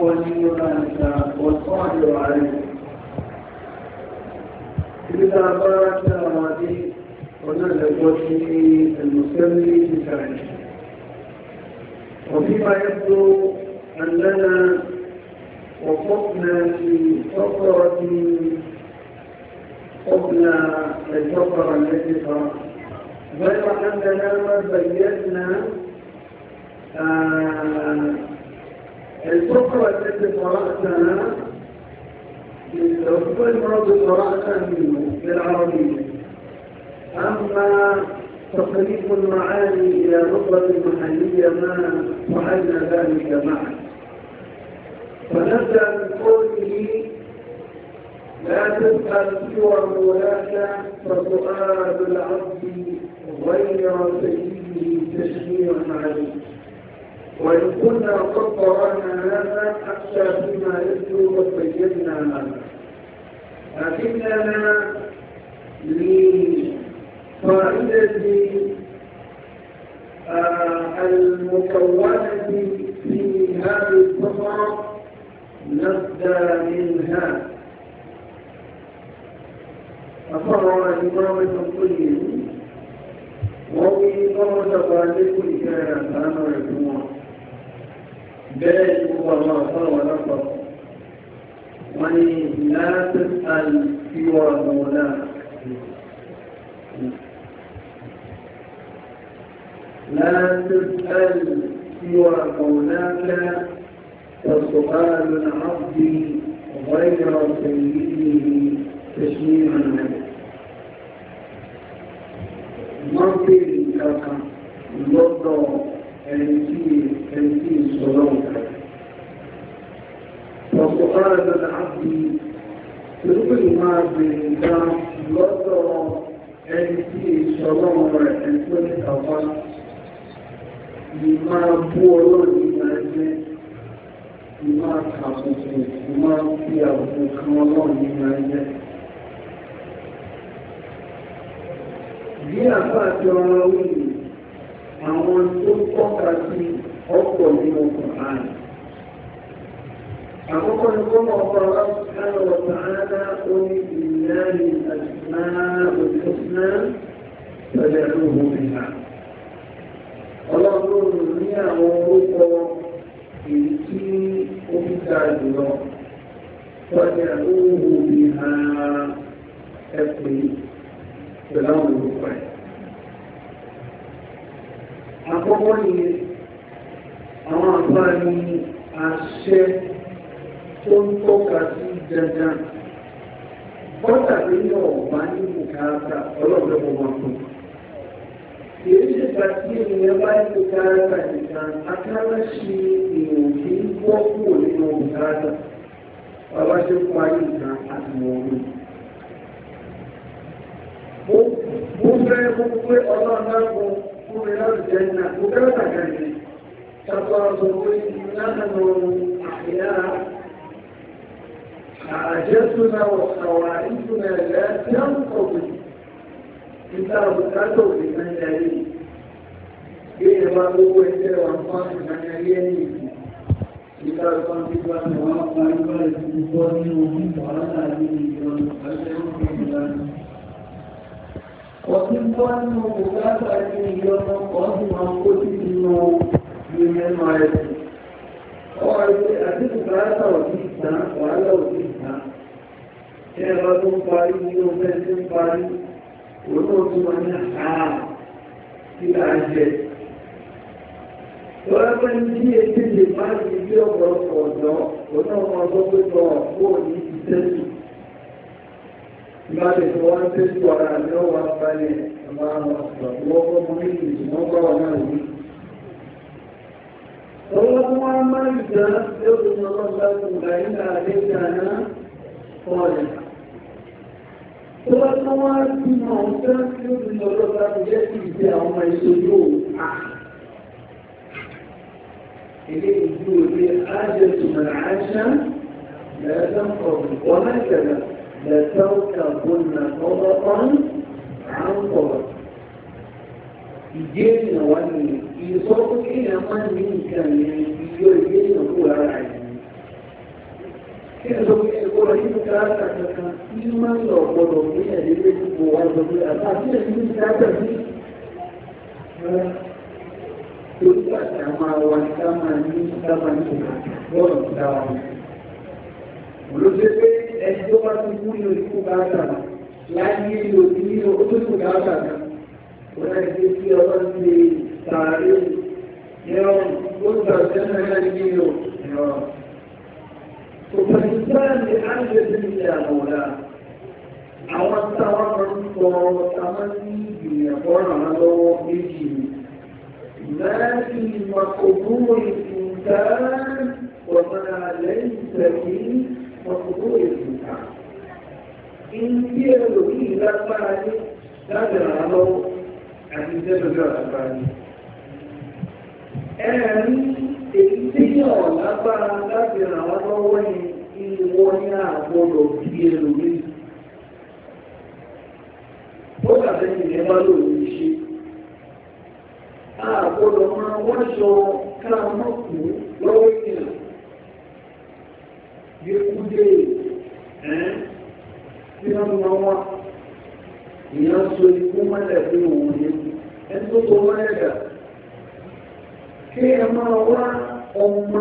هو ولي ما شاء والقادر عليه إذا بات هذه ونزل وجهه المسلم بفعله وفيما يبدو أننا وقفنا في فقرة قبل الفقرة التي قرأنا غير أننا ما بينا آه الفقرة التي قرأتها الفقرة المرض قرأتها منه بالعربية أما تقريب المعاني إلى نقرة محلية ما فعلنا ذلك معا فنبدأ من قوله لا تسأل سوى مولاك فسؤال العبد غير سيده تشهير عليك وإن كنا قد قرأنا هذا حتى فيما يتلو قد بينا هذا لكننا لفائدة آه، المكونة في هذه الفقرة نبدأ منها أقر الإمام الطيب وهو إمام تقاليد كان أمر الجمهور bẹ́ẹ̀ ni gbogbo àwọn àfọ́nà wọn lọ́pọ̀ wọ́n ní láti لا تسأل سوى قولاك وسؤال العبد غير سيده تشميما عليه مصر لك لطف ẹni tí ẹni tí ìṣòro nǹkan. Ọ̀pọ̀ ara dada àbí irúgbìn máa bèèrè dá lọ́dọ̀ ẹni tí ìṣòro rẹ̀ ẹni tó ní kàwá. Ìmá Bí àbá àti ọmọ wíìlì àwọn tó tọ́ka sí ọ̀pọ̀ nínú kùnrin. Àkọ́kọ́ ni kó mọ̀ ọ̀pọ̀ ọ̀pọ̀ ọ̀pọ̀ ara orí ìlànà àṣìṣà òṣìṣà pẹ̀lẹ́ lóhùn ìhà. Ọlọ́run ní àwọn orúkọ èyí tí ó fi ta jùlọ. Pẹ̀lẹ́ lóhùn ìhà ẹ̀pẹ̀ pẹ̀lú àwọn orúkọ ẹ̀ àkọ́kọ́ ni àwọn àbá ní àṣẹ tó ń tọ́ka sí dandan bọ́tà lè ní ọ̀gbá ní bùkátà ọlọ́ọ̀dọ́ gbogbo ọ̀gbọ̀n kìí ṣe pàtí ènìyàn bá ní bùkátà nìkan akáláṣí èèyàn kì í gbọ́ kúrò nínú bùkátà bàbá ṣe ń parí nǹkan àti wọ̀nyí. mo fẹ́ mo pé ọlọ́ọ̀dá kan fún mi láti jẹ́ ìnà tó bẹ́rẹ̀ tàbí ṣàtọ́ àṣọ pé lánàá àyà àjẹ́sùnà ọ̀sàwà ìtùnà ẹ̀lẹ́ tí a ń kọ̀wé níta àbùkátọ̀ òbí náà yẹ bí ẹ bá gbogbo ẹgbẹ́ wa fún àṣìṣe ayé ẹ̀yìn níta àbùkátọ̀ òbí wa ni wọ́n pa ẹgbẹ́ ìdúgbò ní omi wàhálà ní ìjọba ẹgbẹ́ òkè ìlànà ọtí tó nínú bùkátà ní ìyọnu ọdún máa ń kó sí nínú ilé máa rẹ̀ sí. ọwọ́ ẹgbẹ́ àti bùkátà òbí ìtàn wàhálà òbí ìtàn. ṣé ẹ bá tó ń parí ní ọgbẹ́ tó ń parí òun náà tún máa ní àṣà sí àjẹ. Tọ́lá pé ní bí etí lè má ní ilé ọ̀pọ̀lọpọ̀ ọ̀dọ́, òun náà máa gbọ́ pé tọ̀ fóònù ìtẹ́sùn. ما تتوانا تسوى عنه وقال أمام أصدر وقال مؤمن وقال مؤمن فالله عما يجب يظن الله بين علينا صالحا Tọ́lọ́tọ́ wá bí máa ń tẹ́ tí ó ti lọ́jọ́ bá ti jẹ́ sí ìgbé àwọn ọmọ ìṣòro à. Ilé ìjú òde ájẹ́ tùmọ̀ àṣà lẹ́ẹ̀dọ́ ọ̀rùn wọ́n láìpẹ̀lẹ̀. لتركبن طبقا عن طبق ìjẹ́ ìnáwó ni ìsọ́kùn kéèyàn máa ní nǹkan yẹn ìyọ ìjẹ́ ìnáwó ara yẹn kí ni sọ́kùn kéèyàn kó lọ nínú káàkà kankan tí máa ń lọ ọ̀pọ̀lọ̀ ní ẹ̀ẹ́dẹ́gbẹ́ gbogbo wa lọ pé àtàkì ẹ̀ẹ́dẹ́gbẹ́ ti káàkà sí torí àti àwọn àwa ká máa ní ká máa ní ìgbà lọ́rùn dáwọn olóṣèlú ẹni tó bá ti kú ní òkú bàtà láyé òbí ní òkú bàtà wọn á ti fi ọwọ́ ṣe tààrí ìrọ̀rùn gbọ́dọ̀ sẹ́nu náà ní ìrọ̀rùn. Òpèlúgbọ́n ni a ń lè ní ìyàwòrá. Àwọn táwọn kan ń sọ táwọn ní ìgbìyànjọ́ ràn án lọ́wọ́ méjì ni. Láti ìmọ̀kòbúrò ìfúnta ọ̀nà lẹ́yìn tẹ̀lé وقبول الإنسان إن كيرو إيه لا تمعني لا تنعلو àti ìjẹ́jọ́jọ́ àgbáyé. Ẹ̀rí èyí tí yàn lágbára láti ràn wọ́n lọ́wọ́ ní ìwọ ní àgbọ̀dọ̀ bí ẹlòmí. Ó dàbí ìyẹn bá lòun ṣe. Àgbọ̀dọ̀ máa wọ́n sọ káàmọ́kù lọ́wọ́ ìkìlọ̀ bí kúdé ẹ̀ tí wọ́n mọ wá ìyẹn so ikú mọ́lẹ̀ pé òun yẹn ẹni tó tó wọ́n ẹ̀dà kí ẹ máa wá ọmọ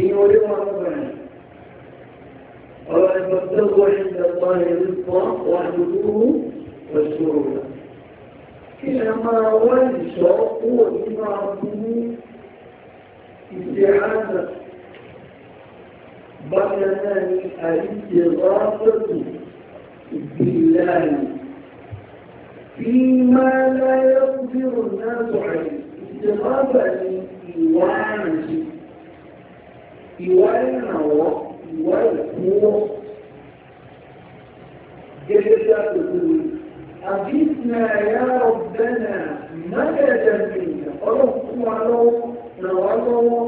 ìyẹn orí wọn bẹ̀rẹ̀ ọ̀rọ̀ ìfọ̀tẹ́wọ̀ ìdàgbà ìrìnkọ́ wà lóru ọ̀ṣọ́ rẹ̀ kí ẹ máa wá ìṣọ́ kúrò nínú abúlé ìṣẹ́ àdàtà bákan náà ni àìsí rọ́pọ̀tù ìgbìlẹ̀ bí máa láyé bírò náà sọ̀rọ̀ ìjọba ni ìwà àrùn ìwà ìrànwọ́ ìwà ìkúwọ́ gẹ́gẹ́ bí àtòkùnrin àbísìnà ẹ̀yà ọ̀bẹ́nà mẹ́rẹ̀ẹ́dẹ̀mìnà ọlọ́kùnrin lọ́wọ́ ràn wá lọ́wọ́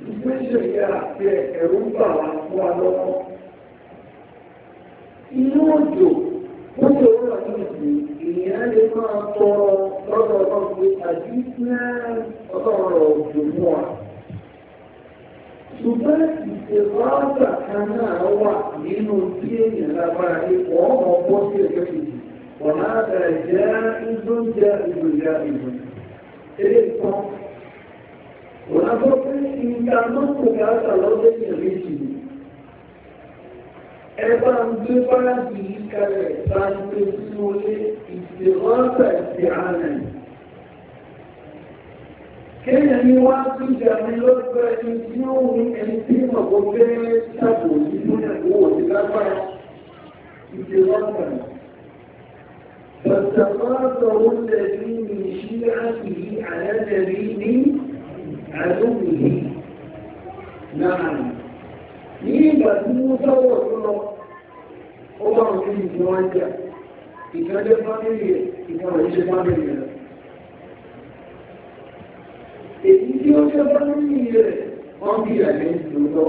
ìgbésẹ̀ àti ẹ̀rù ń bà wá fún wa lọ́wọ́. Inú òjò ó lè rọ̀ ní ìsìn ìyẹn lè máa tọ lọ́dọ̀ ọlọ́run pé àti náà ọlọ́rọ̀ òjò mú wa. Ṣùgbọ́n ìṣèlú àgbà kan náà wà nínú tí èèyàn lágbára ní ọmọ bọ́ sí ẹgbẹ́ kejì. Ọ̀nà àgbà jẹ́ ìdóúnjẹ ìgbòjá ìgbòjá wọ́n á gbọ́ pé nǹkan náà kò ká àtà lọ́dọ̀ èèyàn méjì ni ẹ bá ń gbé báàgì yìí kalẹ̀ bá ń gbé sínú ilé ìṣèwọ́sà ìṣe àná kéèyàn ní wá sí ìjà mi lọ́dọ̀ ẹni tí ó wù ẹni tí mo kò gbé ṣàbò yìí fún ẹ̀kọ́ òsì lágbára ìṣèwọ́sà ìṣe. فاستغاثه الذي من شيعته على الذي من àdúgbò náà ní ìgbà tí mo sọ́wọ́ tó lọ ó bá wọn ní ìdí wọn jà ìkànjẹ́ fámìlì ẹ̀ ìkànjẹ́ ìṣẹ́ fámìlì rẹ̀ èyí tí ó jẹ́ fámìlì rẹ̀ wọ́n bí ìyàgbẹ́ ìdúró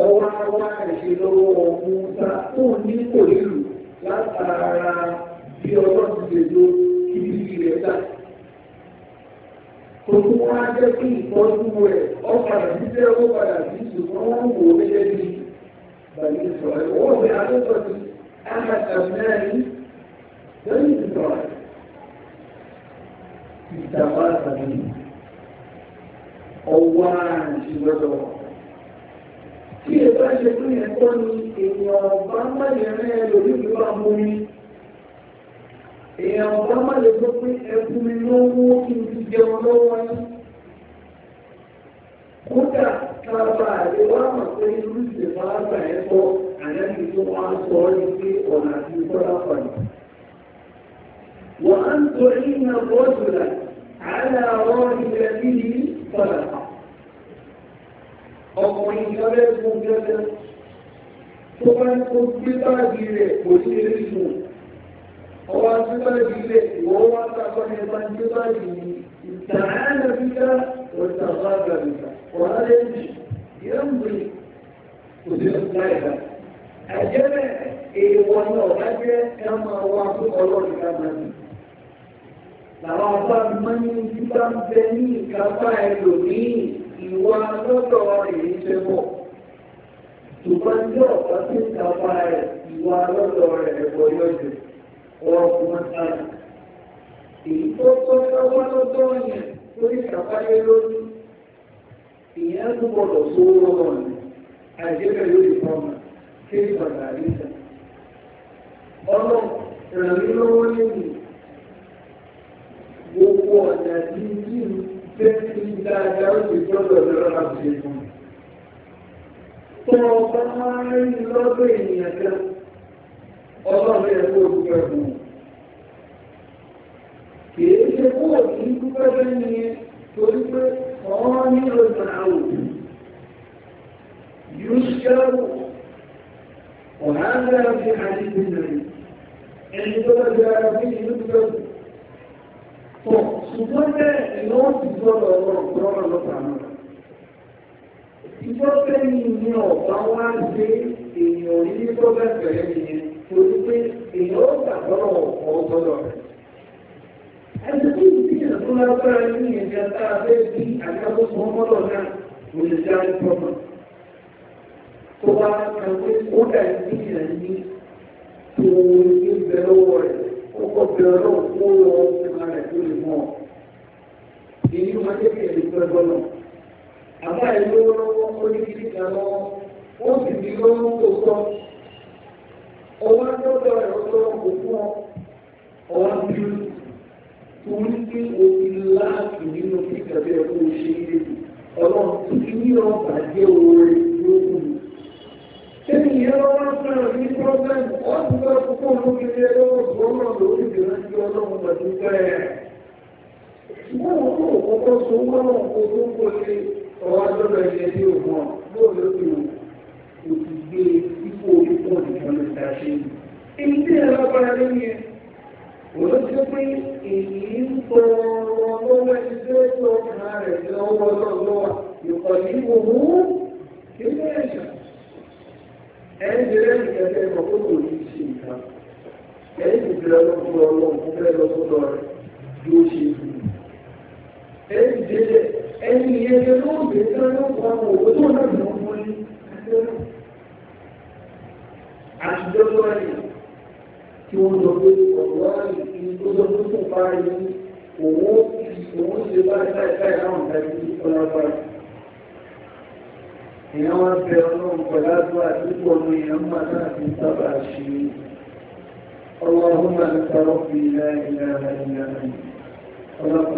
ọwọ́ wá ẹ̀ṣẹ̀ lọ́wọ́ ọ̀hún ta ó ní kò nílù látara bí ọlọ́run ti lè lo kíbi rẹ̀ dáa kò tó wá jẹ́ kí ìtọ́jú rẹ̀ ọ̀padà jíjẹ́ owó padà sí ṣùgbọ́n wọ́n wò ó gẹ́gẹ́ bí bàbá ìṣòro ẹ̀ wọ́n wẹ̀ alẹ́kọ̀ọ́ ti ákàtà mẹ́rin lẹ́yìn ìṣòro ìjàmbá tàbí ọwọ́ àìṣìlọ́dọ̀ tí ẹ bá ṣe fún ẹ̀kọ́ ni èèyàn ọba mẹ́rin rẹ̀ lórí ìlú àmúrí èèyàn ọ̀gá má lè sọ pé ẹkún mi lówó kí n ti jẹun lọ́wọ́ yín kódà kábà lè wá mọ̀ pé irú ìṣèlú àgbà ẹ̀ sọ àyẹ̀kì tó wá sọ ọ́ ní pé ọ̀nà àti ìkọ́lá pàdé. wọ́n á ń tọ́ ìyìn àbọ̀ jùlọ àyà ọ̀rọ̀ ilẹ̀ bíi padà. ọkùnrin ìjọba ẹ̀kọ́ gẹ́gẹ́ tó bá ń kó gbé báàgì rẹ̀ kò ní eré sùn. ọwọ́ àtúntò ìdílé ìwọ́n wá sàkọ́ ní ẹgbẹ́ ní bá yìí ìtàhánà bíkà òtàfàgà bíkà ọ̀rá lè jì yóò ń gbé òdì ọ̀gá ẹ̀dá. àjẹ́rẹ́ èèwọ̀ náà ọ̀gá jẹ́ ẹ máa wá fún ọlọ́run ká máa ní. làwọn afá mi máa ń ní bá ń bẹ ní ìkápá ẹlòmíì ìwà lọ́dọ̀ èyí ṣe pọ̀. ṣùgbọ́n tí ọ̀gá ti ń kápá ẹ̀ ìwà rẹ̀ ẹ̀kọ́ yọ̀jọ̀ ọ̀gbọ̀n àrà èyí tó tọ́ sáwọ́ lọ́dọ́ yẹn lórí ìṣàpáyé lórí ìyẹn tó gbọdọ̀ tó rọrọ̀ ní àìjẹ́bẹ̀ lórí ọmọ tí ó padà àríṣà ọlọ́ ìrànlẹ́ lọ́wọ́ lẹ́nu gbogbo ọ̀nà tí kí n fẹ́ sí dáadáa ó ti gbọdọ̀ lọ́rọ̀ láti ṣe fún mi. tọ́ ọ bá máa ń rí lọ́dọ̀ ènìyàn kan ọlọ́run lè kó dúpẹ́ fún un kìí ṣe kó òkú dúpẹ́ lẹ́nu yẹn torí pé ọ̀rọ̀ nílò ìtàwọ̀ yóò ṣẹ́wò ọ̀nà àgbẹ̀rẹ̀ fi àdìsí nàìjíríà ẹni tó bá jẹ́ ara bí inú dúpẹ́ fún un pọ̀ Ìjọ́ fẹ́ ni ìyẹn ọ̀gá wá ṣe èèyàn orí tó bẹ́ẹ̀ nìyẹn torí pé èèyàn ó gbà lọ́rọ̀ ọ̀pọ̀ ọ̀tọ́lọ̀ rẹ̀. ẹni tí ìdíje tó lágbára ní ìjà tá a fẹ́ bí àgbàkóso ọmọlọ̀ náà kò lè já ní pọ́nmọ́. tó wá kan pé ó dà ìdíje ní tòun ní bẹ̀rẹ̀ ọwọ́ rẹ̀ ó kọ́ bẹ̀rẹ̀ ọwọ́ kó lọ ìmọ̀ rẹ̀ tó lè mọ̀. èyí máa ń tẹ̀lé ìgbẹ́ bọ́lọ̀. àbá ìlú lọ́wọ́ ó ní kíkà lọ́wọ́ ó sì ní lọ́wọ́ tó tọ́ ni òun ló bẹ̀rẹ̀ ọlọ́run kò fún ọ ọ̀rọ̀ bí torí pé o ti láàbù nínú kíkà bí ẹ̀kọ́ ṣe é lè ọlọ́run tó ti ní ọgbà jẹ́ oore lókun. Sẹ́ni ìyẹn wá sọ̀rọ̀ ní pọ́blẹ́mù ọ̀dùn bá púpọ̀ lókèrè lọ́wọ́ tó ọ̀rọ̀ lórí ìrántí ọlọ́run pẹ̀lú bẹ́ẹ̀. Ṣùgbọ́n wọn kò kọ́kọ́ so wọ́n kó tó ń kó ṣe ọ̀rọ̀ àjọ́bẹ̀rẹ̀ ẹ̀dí òmùọ̀ lóòlóòtú òtù gbé e kó ojú kó ló ta ṣe tí ẹ̀rọ ń tọ ọmọ lọ́wọ́ ẹni ní ọmọ òwò tó náà àtijọ́ láyé tí wọ́n lọ pé ọ̀rọ̀ láyé kí ó lọ tó tó bá rí owó òun ṣe báyìí báyìí báyìí láwọn ìdájú ọlọ́pàá èèyàn wá bẹ ọlọ́run pẹ̀lú àdúrà àdúgbò ọmọ èèyàn máa náà ti sábà ṣe اللهم انت ربي لا اله الا انت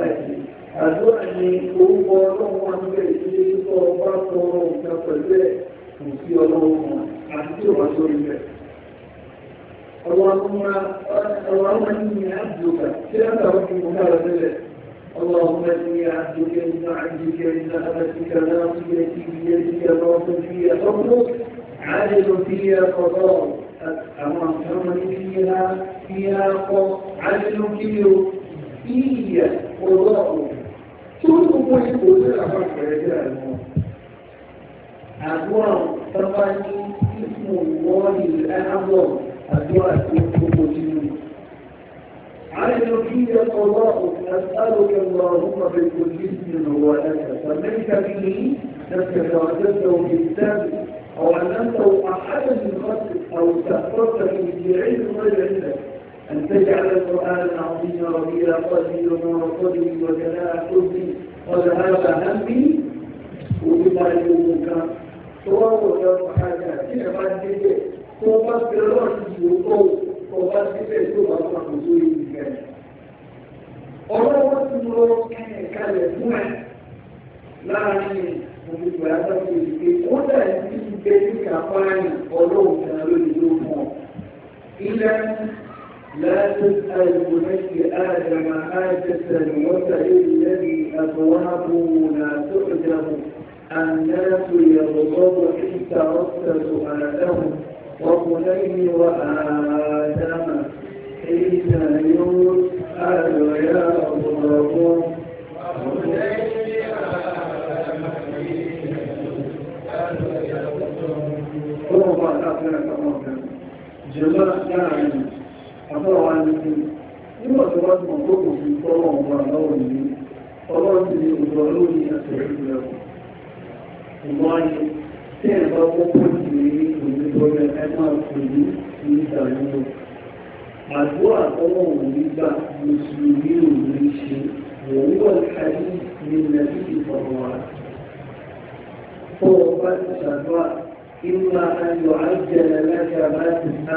خلقتني àdúrà ni orúkọ ọlọ́run wà níbẹ̀ ìdílé tó ọba tọrọ nǹkan pẹ̀lú ẹ̀ kò sí ọlọ́run kan àti tí òwà sórí rẹ̀. ọ̀rọ̀ àwọn ẹni ni àdúgbà tí a tàwọn kí mo kára tẹ́lẹ̀ اللهم اني عبدك ان عبدك ان امتك ناصيتي بيدك راض في حكمك عادل في قضاءك امرتني فيها فيها عدل كبير في قضاءك tí ó gbogbo ipò ní àwọn àpẹẹrẹ bí àwọn àdúrà أسألك اللهم بالقدس وأنت سميت به نفسك وجدته أو علمته أحدا من خلقك أو استأثرت به في علم غير عندك أن تجعل القرآن العظيم ربيع قلبي ونور قلبي وجلاء قلبي وذهاب همي وبما يومك سواء يوم حاجة تعبان به وقد برأسي وقوه وقد بفعله الله حضوري بكذا ọlọ́wọ́ tí mo lọ kẹ́yìn kalẹ̀ fún ẹ̀ láàrin òmìnira àtàkùn ìdíje ó dàbí ti bẹ́ẹ̀ ní kápáyìn ọlọ́wọ́ kan lórí ló mọ̀ ilẹ̀ ń لا تسأل بني آدم حاجة وسئل الذي أبواب لا تؤدم الناس يغضب إن تركت سؤالهم وبني وآدم حين يسأل يا وبني آدم حين جماعة àbúrò wa ní sí nígbà tí wọ́n ti mọ̀ tó kò sí tọ́lọ̀ ọ̀gbà lọ́wọ́ yìí ọlọ́run ti ní òjò lórí ẹsẹ̀ ìlú ìmọ̀ ayé tí ẹ̀ bá kókó sí ní òjòjọ́ ẹ máa pè ní ní ìdàlúwò ti ṣàdúrà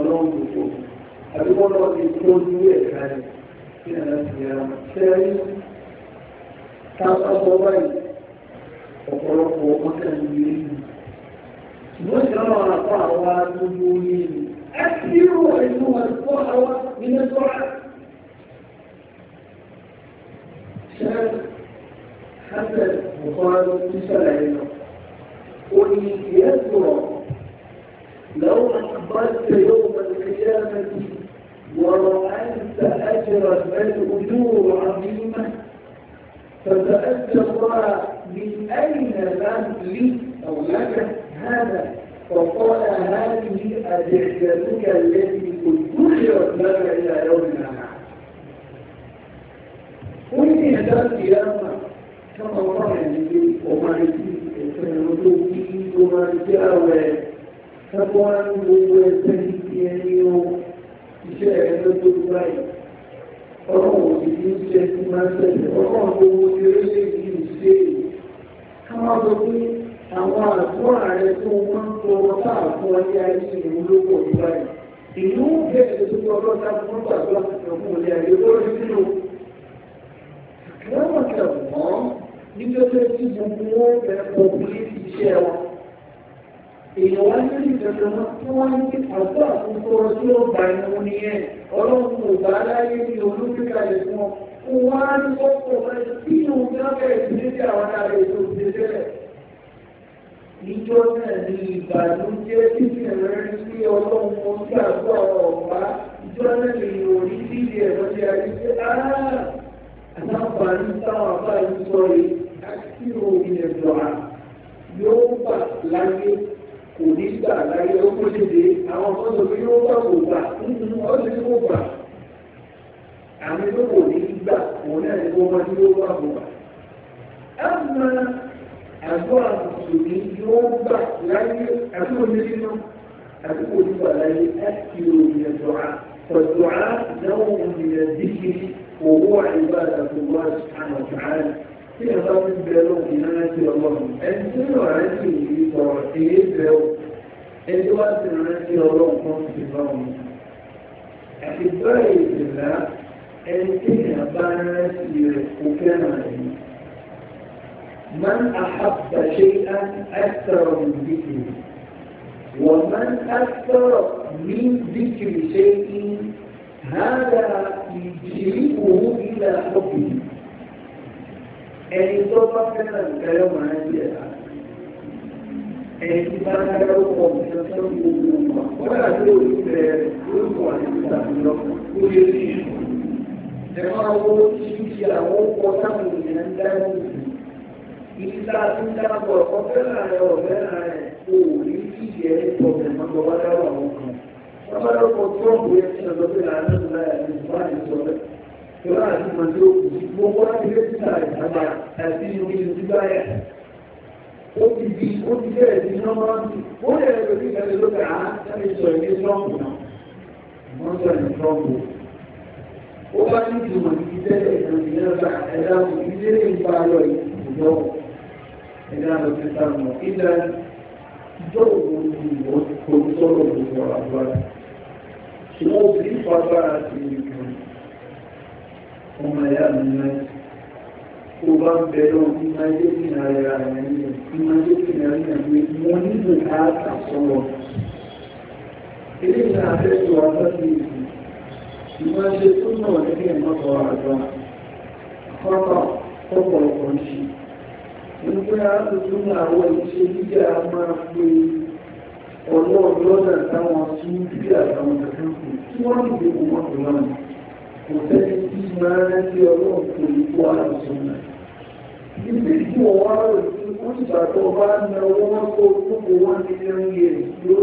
ọlọ́run gbogbo àbí wọ́n lọ sí tó ní ẹ̀ka rẹ̀ sí àlàáfíà sẹ́rí tábàbọ̀ báyìí ọ̀pọ̀lọpọ̀ ọmọdé ní ìlú ṣùgbọ́n ṣe àwọn àpá àwa tó ní orí ìlú àti irú ẹ̀sùn àtúkọ́ àwa nínú sọ́ra sẹ́rí hasan bukari sísọ̀rọ̀ ẹ̀ lọ ó ní ìyẹ́sùrọ̀ لو أقبلت يوم القيامة ورأيت أجرا الأجور عظيمة فسألت الله من أين لي أو لك هذا فقال هذه أدعتك التي كنت خيرت لك إلى يومنا قل هذا القيامة كما الله يعني وما يجيب وما يجيب وما يجيب sábọ́ á ní gbogbo ẹgbẹ́ ti ẹni o iṣẹ́ rẹ̀ ló tó báyìí ọlọ́run òbí ní ṣe ti máa ṣẹlẹ̀ ọlọ́run gbogbo ti orílẹ̀ èdè ṣe é ká má sọ pé àwọn àgọ́ ààrẹ tó máa ń tọrọ káàkó ayé ayé ìlú ló pọ̀ ní báyìí ìlú bẹ̀rẹ̀ tó ọlọ́ta fún ọgbàgbà ọmọ ilé ayé lórí sínú lọ́wọ́ kẹ̀kọ́ nígbẹ́sẹ̀ tí gbogbo wọn fẹ́ pọ̀ bí iṣẹ́ wọn èèyàn wá lórí ìjọba tí wọ́n ń ti ọ̀pọ̀ àkókò tí ó gbà ẹ̀wọ̀n nìyẹn ọlọ́run ò bá láyé ní olúkúkalẹ̀ fún ọ fún wá ní ọkọ̀ rẹ tí òun náà bẹ̀rẹ̀ sí ní àwọn ààrẹ tó ti tẹ́lẹ̀. ìjọ náà ní ìbànújẹ́ títí rẹ̀ ń sí ọlọ́run ó ń gbàgbọ́ ọ̀pá ìjọ náà ní ìròyìn líle ẹ̀rọ ti àrí pé àtàǹfààní táwọn àbáyé yóò bà láyé kò ní gbà láyé ó kó dédé àwọn ọmọ tó fi yóò gbà kò gbà ó ti kó gbà àmì tó kò ní gbà òun náà ni wọ́n máa ti yóò gbà kò gbà. á máa àgọ́ àtùtù ní yóò gbà láyé àti òní nínú àti kò ní gbà láyé á ti òní ẹ̀dọ̀ á pẹ̀lú á náà òní ẹ̀díkì owó àìbá àtàkùn wá àmọ̀tàn tí ẹ bá ti bẹ lóhùn iná rántí ọlọ́run ẹni tí ó rántí ìlú sọ̀rọ̀ èyí bẹ ó ẹni tó bá ti rántí ọlọ́run kan ti bá wọn. àti báyìí ìdìlá ẹni tí ẹ bá rántí rẹ̀ kò fẹ́ràn rẹ̀ ni. من أحب شيئا أكثر من ذكره ومن أكثر من ذكر شيء هذا يجيبه إلى حبه ẹni tó bá fẹ́ràn ìtẹ́lẹ̀ wọn á yẹ ká ẹni tí bá ń dára ó pọ̀ nínú tó ń gbogbo wọn wọ́n yà tó o ti bẹ̀ orúkọ àti ìtàkùn lọ ó yẹ kí ẹ máa wọ ṣíṣe àwọn ọkọ táwọn ènìyàn ń dá ní ìlú ìta tí ń dábọ̀ ọ̀pọ̀ fẹ́ràn rẹ̀ ọ̀fẹ́ràn rẹ̀ kò ní kí ìyẹ́ ìpọ̀bẹ̀ máa gbọ́ wá dáwọ̀ àwọn kan wọ́n bá lọ́pọ̀ tó ọ̀pọ̀ ìrọ̀ àti mọ̀tò gbogbo láti lé títà ìjàmbá àti ìròyìn ìdúgbà ẹ̀. ó ti di ó ti bẹ̀rẹ̀ sí nọ́mọ́rọ́sì ó lè rẹ̀ lórí ìgbàlè lókè á láti sọ ìdí trọ́ǹpù náà wọ́n sọ ìdí trọ́ǹpù. ó bá ní ìdùnnà ti tẹ́lẹ̀ ìdàgbà ẹ̀dá kò ní dé nípa lọ ìdùnnà ẹ̀dá lọ sí sàmù ìdá ìjọ òwò ni ìwọ́n kò sọ̀rọ̀ òwò àgbà. ṣùgbọ́n obìnrin fagbára sí ìdùnnà ọmọ ẹ̀yà mi náà tó bá bẹ̀rẹ̀ ọdún máa jẹ́ kí n ara rẹ̀ nílẹ̀ tí máa jẹ́ kí n ara rẹ̀ nílẹ̀ ń ṣe nígbà tuntun ní àwọn ìṣe gíga máa pe ọlọ́ọ̀lọ́dà táwọn sí bí àtàwọn kankan kù wọ́n ń gbé mọ́tò náà kò sẹ́ni tí máa ń rí ọlọ́run kò ní kó àìsàn náà. Ibi tí wọ́n wá rò sí ó ti bàtọ́ bá na owó wọn kó gbogbo wọn ní ẹran yẹ ṣe lọ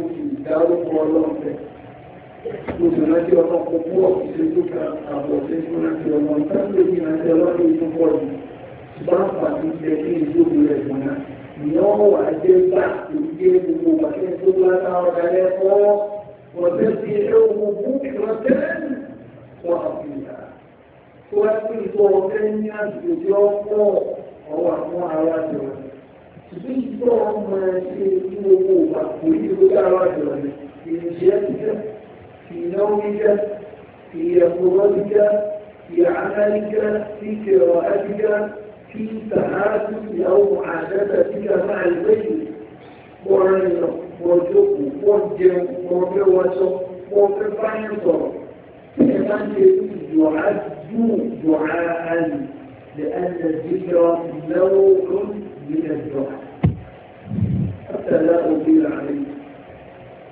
kó ìdárúkọ ọlọ́run mo sì rántí ọmọ púpọ̀ ìṣẹ́jú kan àbọ̀ tí mo rántí ọmọ ìtàkùn èyí rántí ọlọ́dún tó pọ̀ jù ṣùgbọ́n àpàtì jẹ kí ìjókòó rẹ̀ gbọ́n náà ìyẹn wọ́n wà dé bá ìdíje gbogbo pàṣẹ tó lára ọ̀dà rẹ̀ fọ́ wọ́n tẹ́ sí ilé owó bú ìrántẹ́ wọ́n àfihàn tó wá sí ìtọ́ ọ̀fẹ́ ní àjòjì ọ̀pọ̀ ọwọ́ àwọn ará jọ̀ọ́ ìdí ìtọ́ ọmọ ẹ̀ ṣe ìlú owó wà kò ní ìlú ará jọ̀ọ́ في نومك في يقظتك في عملك في قراءتك في تعاطف أو معادلتك مع الغير وعلم وجب وجب وجوز وفقيصر فمن يعد دعاء لأن الذكر نوع من الدعاء حتى لا أطيل عليك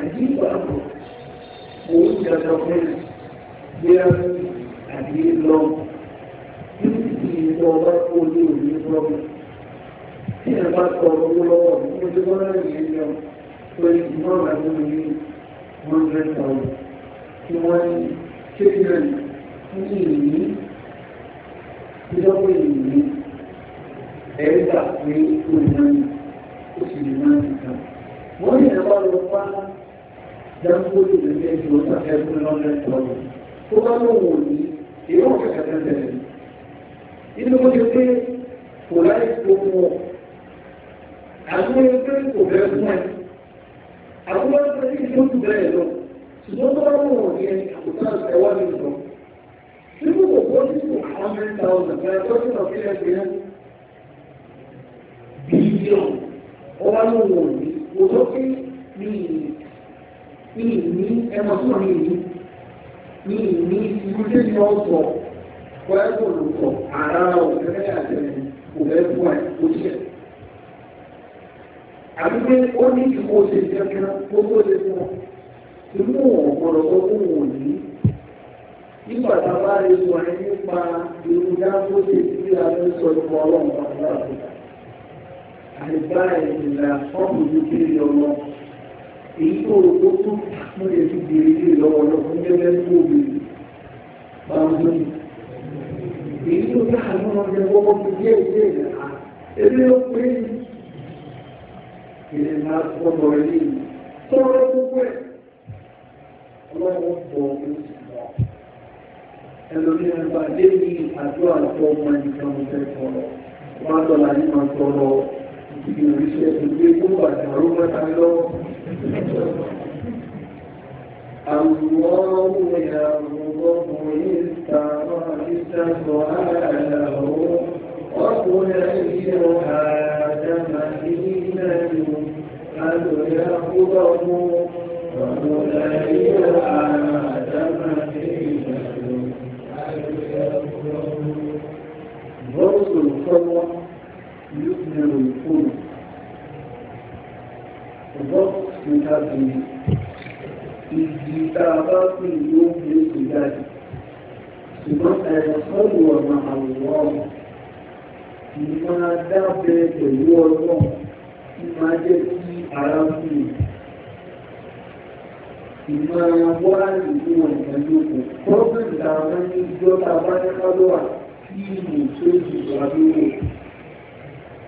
àdìgbò àpò òun dandan fẹ́rẹ̀ gbéra àbí lọ yóò sì lọ wá olú òní lọ́wọ́ tí a bá sọ owó lọ́wọ́ ní ojú wọn náà yẹn lọ lórí ìmọ̀ àti orí one hundred thousand tí wọ́n ní kékeré ní ìlú ìjọba ìlú ẹ̀ẹ́dà pé òun náà ó sì lè máa ń ta wọ́n yẹn bá lọ fún jẹ́kúrò lè ní ẹjọ́ ẹgbẹ́ lọ́nà ìjọba tó bá lóhùn òní èyí wọ́n kẹ̀kẹ́ tẹ́lẹ̀ inú ó ṣe pé kò láì tó mú ọ àwọn ẹgbẹ́ kò bẹ́ẹ̀ fún ẹ àwọn ẹgbẹ́ ní ìlú tó bẹ́ẹ̀ lọ ṣùgbọ́n tó bá lóhùn òní ẹni àkókò ẹwà ní ìjọ nínú kò bọ́ sí kò àwọn mẹ́ta ọ̀nà bẹ́ẹ̀ tó ti lọ sí ẹgbẹ́ yẹn bílíọ̀n ọwọ́ lóhùn òní kò tó kí ní ìní ẹmọ tó ní ìní ní ìní ìrúdé ní ọ̀pọ̀ pẹ́ẹ́bù lùpọ̀ ara òfẹ́rẹ́ àjẹmí òfẹ́bù ẹ̀ ó jẹ́. àdúgbé ó ní ìwọ ṣe jẹ́ kí gbogbo ṣe fún ọ inú ọ̀pọ̀lọ̀ tó kún wò ní nígbà tá a bá lè sọ ẹ nípa irú dáńgó ṣe sí àwọn sọ ìpọ̀ ọlọ́run pàtàkì àìbá ìlà fọ́ọ̀mù tó kéré ọlọ́run èyí tó o kó tó mo lè fi bèrè ilé lọ́wọ́ lọ fún gẹ́gẹ́ tó o bèrè báwo ló ní. èyí tó tá àwọn ọmọ ọdẹ wọ́pọ̀ fi díẹ̀ díẹ̀ rẹ̀ á ebi ló pé ní. ìrìn máa fọdọ̀ rẹ̀ ní ìlú tọ́wọ́ gbogbo ẹ̀ ọlọ́wọ́ bọ̀ ọ́ ẹlòmí ẹgbàá débi àjọ àjọ ọmọ ìjọba ìjọba ọmọ ìjọba ìjọba ibi oríṣi ẹ̀sìn pé kó bàtà ró mẹ́ta lọ́wọ́. الله يرزقه استغاثة له وقل أيها تمهيلا هل يأخذه وقل أيها تمهيلا هل يأخذه يثمر الفول الضغط متابعين ìdí tá a bá pè yóò fi ètò jáde ṣùgbọ́n àìsàn ọ̀nà àwòrán ìlú máa dábẹ́ pẹ̀lú ọlọ́run tí máa jẹ́ kí fún mi ìmọ̀ wá ìlú ọ̀nà lóko kọ́ọ̀bù ní ìjọba tí ìlú tó jù wà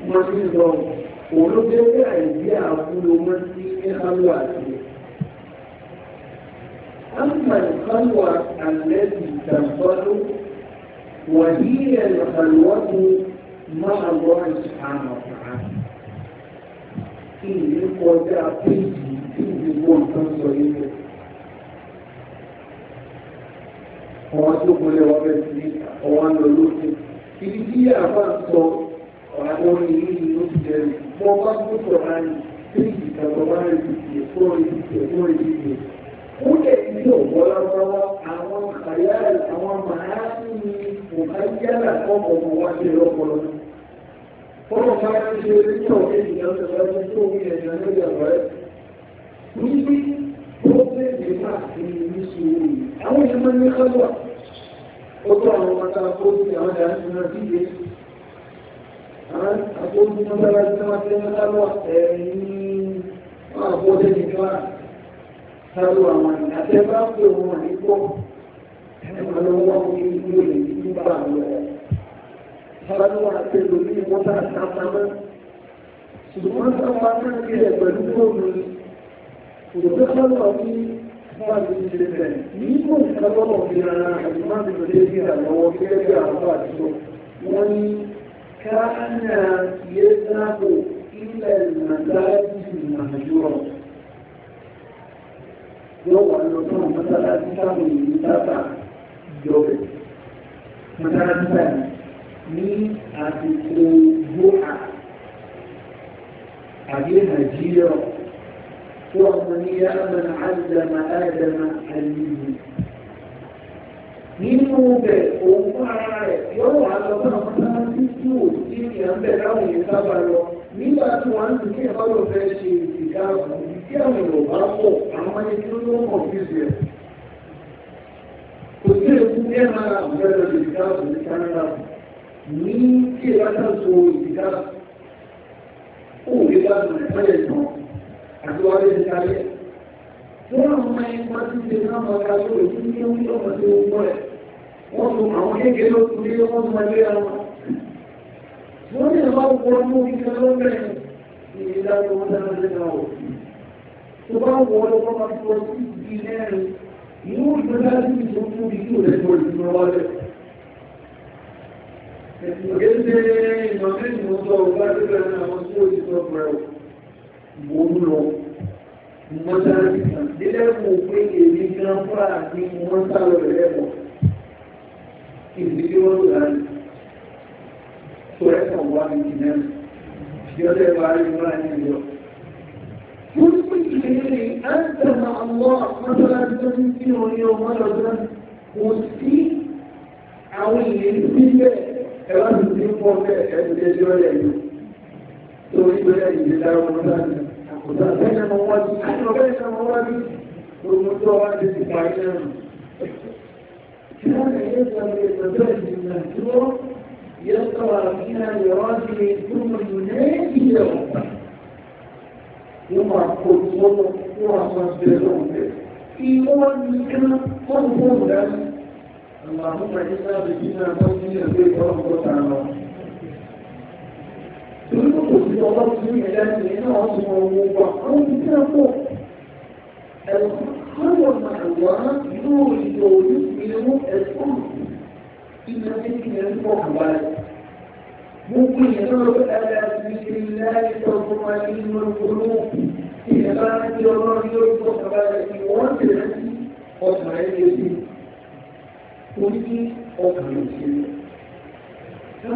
mo ti lọ òun ló dé pé àìsí àbúrò mọ́ sí ní kálù àti. أما الخلوة التي تنفذ وهي الخلوة مع الله سبحانه وتعالى. إن قد أعطيت ìdìbò nǹkan sọ ilé ọwọ́ tó kúnlẹ̀ wọ́n bẹ̀ sí ọwọ́ lọ lókè ibi tí àbá sọ àwọn èyí ló ti jẹ́ mọ́ bá tó sọ̀rọ̀ ní tí ìjọba bá rí ìdíje tó rí ìdíje tó rí ìdíje. ó lè ní òwò lọ́wọ́ àwọn kàyà àwọn màá ní òkàyàlà kọ́kọ́ mọ́ wá sí lọ́pọ̀lọ́. fọ́nà bá ti ṣe ní ọ̀gẹ́ ìjọba bá tó àwọn ọmọ tá a kó sí àwọn ìdájọ́ náà àkókò mọ́sára tí wọ́n ti ń sálọ̀ ẹ̀rín ní àbọ̀dé nìkan sálọ̀ àwọn ìdájẹ́ bá pè wọ́n ní pọ̀ ẹ̀rọ lọ́wọ́ ní ìlú rẹ̀ nígbà lọ. sálọ̀ àti lòmí mọ́sára sápamọ́ ṣùgbọ́n sápamọ́ ń rí ẹ̀ pẹ̀lú fóònù òṣèlú sálọ̀ ní Ìgbàlódé ìṣẹ̀lẹ̀ ní kò ìkàlọ́lọ̀ ìrànà àti máa ń lò lé ìrànlọ́wọ́ gẹ́gẹ́ bí Wọ́n ní كان يذهب إلى المساجد المهجورة يوم أن يكون مثلا كتاب يتابع جوبة مثلا ثاني مين أتكون جوحة عليه جيرة ومن يأمن علم آدم علمه nínú bẹ̀ òun fún ara rẹ̀ yóò wà lọ bá àwọn sáájú tí ò sí ìyàn bẹ̀ láwọn èèyàn sábà lọ nígbà tí wọ́n ń tún kí ẹ̀fọ́ ló fẹ́ ṣe ìdíkà àwọn tí àwọn èrò bá pọ̀ àwọn ẹni tí ó ló mọ̀ bí ìṣẹ̀. kò sí èkú ní ẹ̀ma àbúrò ìdíkà àwọn ní Canada ní kí ẹ̀ bá so ìdíkà ó lè bá àwọn ẹ̀fọ́ yẹn tán àti wàá lè ní wọ́n mọ ẹgbẹ́ tí ṣe náà mọ̀ ká tó èyí ní orí ọmọ tí ó mọ̀ ẹ̀. Wọ́n tún àwọn kékeré ló tún lé wọ́n mọ ilé ara. Wọ́n ní ìwà òkú ọdún ìṣẹ́ ló ń bẹ̀rẹ̀ ní ìdájọ́ wọn dáná lé náà wò. Tó bá wọ ọlọ́wọ́ máa fi wọ́n sí ìdí mẹ́rin, ìwọ mọ́sálásí kan délẹ́kùn pé èmi gan fúra ní wọ́n sálọ rẹ̀ lẹ́kọ̀ọ́ kí n ti wọ́n tó dáa tó ẹ̀kọ́ wá ní ìdílé yọjọ́ ìwà rí wọ́n ní ìjọ. Wọ́n tún kì í rí àǹtẹ̀mọ̀ àwọn mọ́sálásí tó ń fi hàn ní ọmọ lọ́dún kò sí àwọn ìlérí síbẹ̀ ẹ̀rọ tuntun fọ́ bẹ́ẹ̀ ẹ̀rù jẹjọ́ rẹ̀ yìí. Torí bẹ́ẹ̀ ìdílé dáwọ́ mọ́sálásí بين أنا وبين موادي والموضوع عندي في بعينان كان يذهب يتبادل المهجور يقرأ فيها لرجل ثم ينادي له يوم أقول صلى الله عليه وسلم في يوم كان قربولا اللهم إنا بدينا تنزيل في رب وتعالى torí kò kò sí ọgbọ́n tí ó yẹ lẹ́nu yẹn náà wọ́n ti mọ owó wa àwọn ibi tí wọ́n pọ̀ ẹ̀rọ lọ́wọ́ màlúwà inú ìlò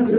ń lọ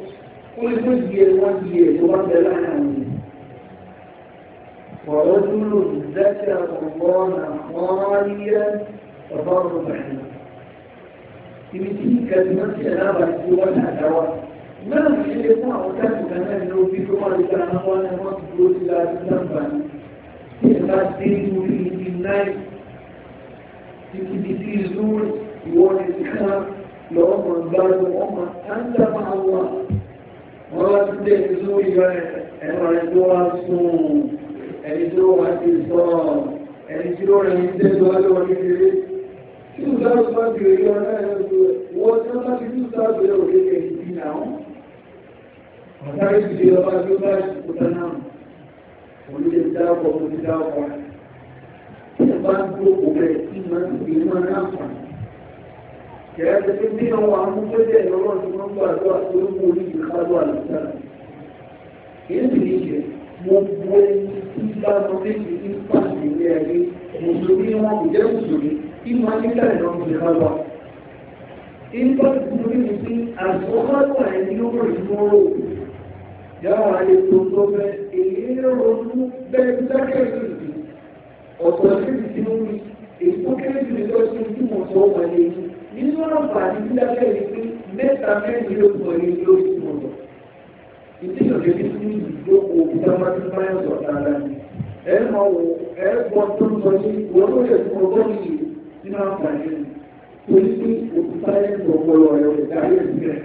ó lè tó di ẹ̀rọ wọn di ẹ̀rọ wọn bẹ láàárín yẹn. ورجل ذكر الله خاليا فضر بحنا يمكنك المسجد الأمر يولى دواء ما في شيطان وكان كمان لو في كمان كان أخوانا مصدود إلى الزنبا يقدم في الناس يمكن في زور يولي الكلام لعمر قالوا عمر أنت مع الله wọ́n wá ti dé ìlú ìyọ́ ẹ̀rọ rẹ̀ tó wá sùn ẹni tó wá ti sọ ẹni tí ó rẹ̀ ń dé tó wá lọ́wọ́ kékeré tí ó sáré tó bá ti rẹ̀ yọ náà ẹ̀rọ tó wọ́n tí wọ́n bá ti tún sáré tó lọ́wọ́ kékeré ìdí náà ọ̀sáré ti di ọba tó bá ti kó tán náà òun lè dá ọkọ̀ òun ti dá ọkọ̀ rẹ̀ tí ó bá ń gbó òun kẹ̀rẹ́ ti fi bí àwọn amúgbẹ́jẹ̀ lọ́wọ́ tí wọ́n gbà tó àti orúkọ orí ìkájọ́ àlùfáà kìí sì ní jẹ gbogbo ẹni tí bá lọ méjì ní pàṣẹ ilé ẹni mùsùlùmí wọn kò jẹ́ mùsùlùmí kí wọ́n ní káyọ̀ lọ́wọ́ ti kájọ́ ìgbà ìgbòrí mi sí àgbọ́gbọ́gbà ẹni ó rò ìmúrò yára ètò tó bẹ èyí ronú bẹ́ẹ̀ dákẹ́rì ọ̀tọ̀ sí ti ń rí èkó kéré tó wà nínú àǹfààní tí a fẹ́ rí pé mẹ́ta mẹ́rin ló sọ ní lórí ìmọ̀lọ́. ìdí ìròyìn ní sí ìjókòó ìjọba tí wọ́n yàn sọ dáadáa ni. ẹ mọ wo ẹ gbọ́ tó ń sọ ní olóyè tó ń bọ́ yìí nínú àǹfààní ni. torí pé òkúta yẹn ń gbọ́gbọ́lọ́ rẹ̀ ó dá yẹn sílẹ̀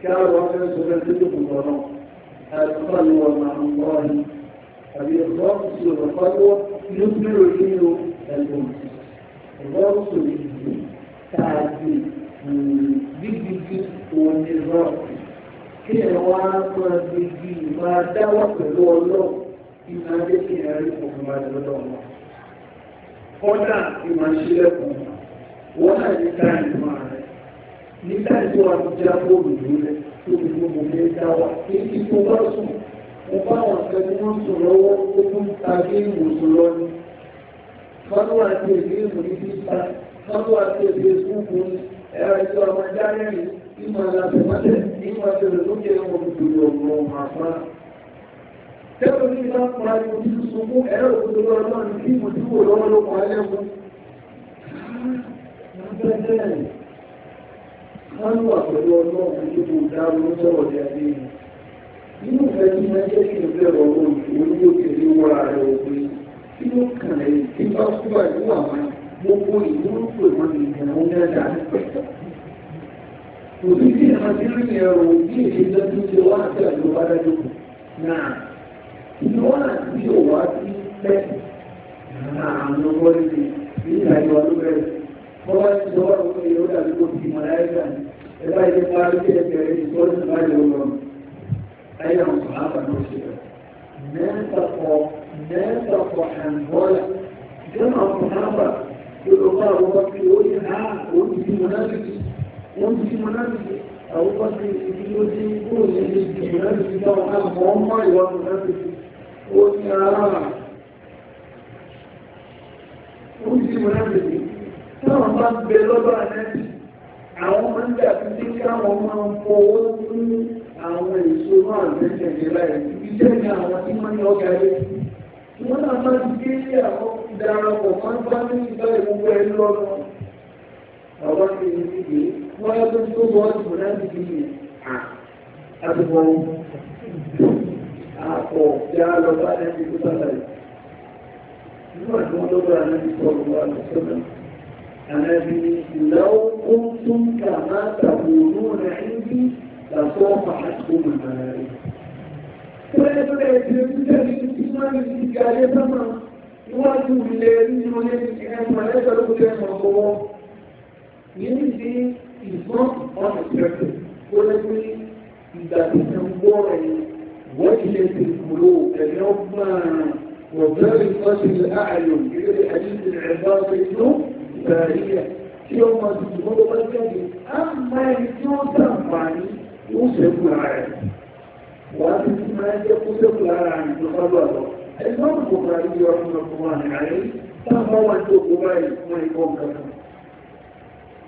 kí a lọ fẹ́ sọ fẹ́ tó tókùn lọ náà. àìsàn ni wọ́n máa ń ṣáájú gbígbígbí òní rọ́ọ̀tì kí ẹ̀rọ wa máa gbígbí máa dáwọ́ pẹ̀lú ọlọ́ọ̀ kí máa dé kí ẹ̀rọ rí òkú máa lọ́dọ̀ wọn. kọ́dà kí máa ṣílẹ̀kùn wọn náà ní táìmù máa rẹ̀ ní táìmù wa ti já fóònù lórí tó ní mo mọ̀ ní dáwà kí kí tó bá sùn mo bá wọn fẹ́ tí sùn lọ́wọ́ ó tún ta kí ìwòsàn lọ́ni. fọ́nù àti èdè ìwòsàn wọ́n tó àti èdè ìsúnkù ẹ̀rọ ìjọ ọmọ jáyẹ̀rì ìmọ̀ àtẹ̀mọ́tẹ̀ ìmọ̀ àtẹ̀rẹ̀ lókè ọmọ òdòdó ọmọ àpá. Tẹ́lú ní ìlà ọkùnrin àti òbí sunkú ẹ̀rọ òdòdó ọlọ́run ní kí ìmọ̀dúwò lọ́wọ́ ló kọ́ ẹlẹ́kùn. Wọ́n wà pẹ̀lú ọlọ́run tó kò dáa ló sọ̀rọ̀ ní ayé mi. Inú ìfẹ́ tí wọ́n jẹ́ kí ìfẹ́ ọ̀rọ̀ òní òkèlè wọ́ra rẹ̀ òpin. Inú kàn lẹ́yìn tí bá kú àdúrà máa gbogbo ìlú ń pè wọ́n ní ìdìbò mẹ́ta òbí bí àdírí ẹ̀rọ bí èdè lọ́dún ṣe wá sí àjọ bá dájú kù náà ìlú wà sí òwá sí pẹ́ àwọn wọlé ní ìlà ìwà ló bẹ̀rẹ̀ wọ́n wá sí ìjọba àwọn ọmọ ìyẹ̀wò dàbí kò sí ìmọ̀ láyéjà ẹ bá ìdí pa ló ṣe ẹgbẹ̀rẹ̀ ìtọ́jú bá yẹ lọ ayé àwọn ọmọ àbànú ṣe rẹ̀ mẹ́ta pọ̀ mẹ́ta pọ̀ àǹgọ́là jẹ́ àwọn ọmọ àbànú Yorùbá àwọn bọ́kìrì ó ní àá òun ti mọ̀nàbìkì. Wọ́n ti mọ̀nàbìkì. Àwọn bọ́kìrì ìdí ló ti kúrò ní ìdí mọ̀nàbìkì táwọn náà mọ̀ ọ́n mọ́ ìwà mọ̀nàbìkì. Ó ní ara. Ó ti mọ̀nàbìkì. Táwọn bá bẹ lọ́dọ̀ àtẹ́sì. Àwọn máa ń dà sí pé káwọn máa ń fọwọ́ fún àwọn èso ni àwọn tí wọ́n ní ọgá rẹ̀. Wọ́n náà máa ń gbé àwọn darapọ̀ máa ń bá ní ìgbà ìgbogbo ẹ̀ lọ́nà àwọn ti ní ìgbé wọ́n yá tó ń tó bọ́ ọ̀dùn láti fi àtùkọ àpọ̀ tí a lọ bá ní ẹni tó sálàyé. Nínú àdúgbò lọ́dọ̀ àlẹ́bí sọ̀rọ̀ wà lọ́sọ̀rọ̀. Àlẹ́bí ìlàwó ó ń tún kà máa tàbí òun rẹ̀ ń bí làtọ́ pàtàkì òun rẹ̀. Kúrẹ́dúrẹ́ ti ń tẹ̀lé ìsúná ìsìnkà ayé sábà. iwájú ilé nínú ilé ti ẹ̀mọ̀ ẹ̀ṣọ́ ló ti ẹ̀mọ̀ ọ̀pọ̀ yìí ti ìfún ọ̀nà ìrẹ̀pẹ̀ tó lẹ́gbẹ́ ìgbà tí ó ń gbọ́ ẹ̀yìn wọ́n ti lè ti kúrò ẹ̀mí ọgbọ́n wọ̀bẹ́rẹ̀ ìfọ́sílẹ̀ ààyò ìrẹ̀lẹ̀ àdíjẹ̀ ẹ̀bá pẹ̀lú ìbẹ̀rẹ̀ tí ó mọ̀ sí ìgbọ́n tó bá máa ẹni tí ó sàǹfààní ó ṣẹ́kù á máa jẹ́ kó ṣẹ́kù lára ẹ̀gbọ́n kò bá yí ọdún ọgbọ́n àárí táwọn wà tó kó báyìí fún ẹ̀kọ́ kankan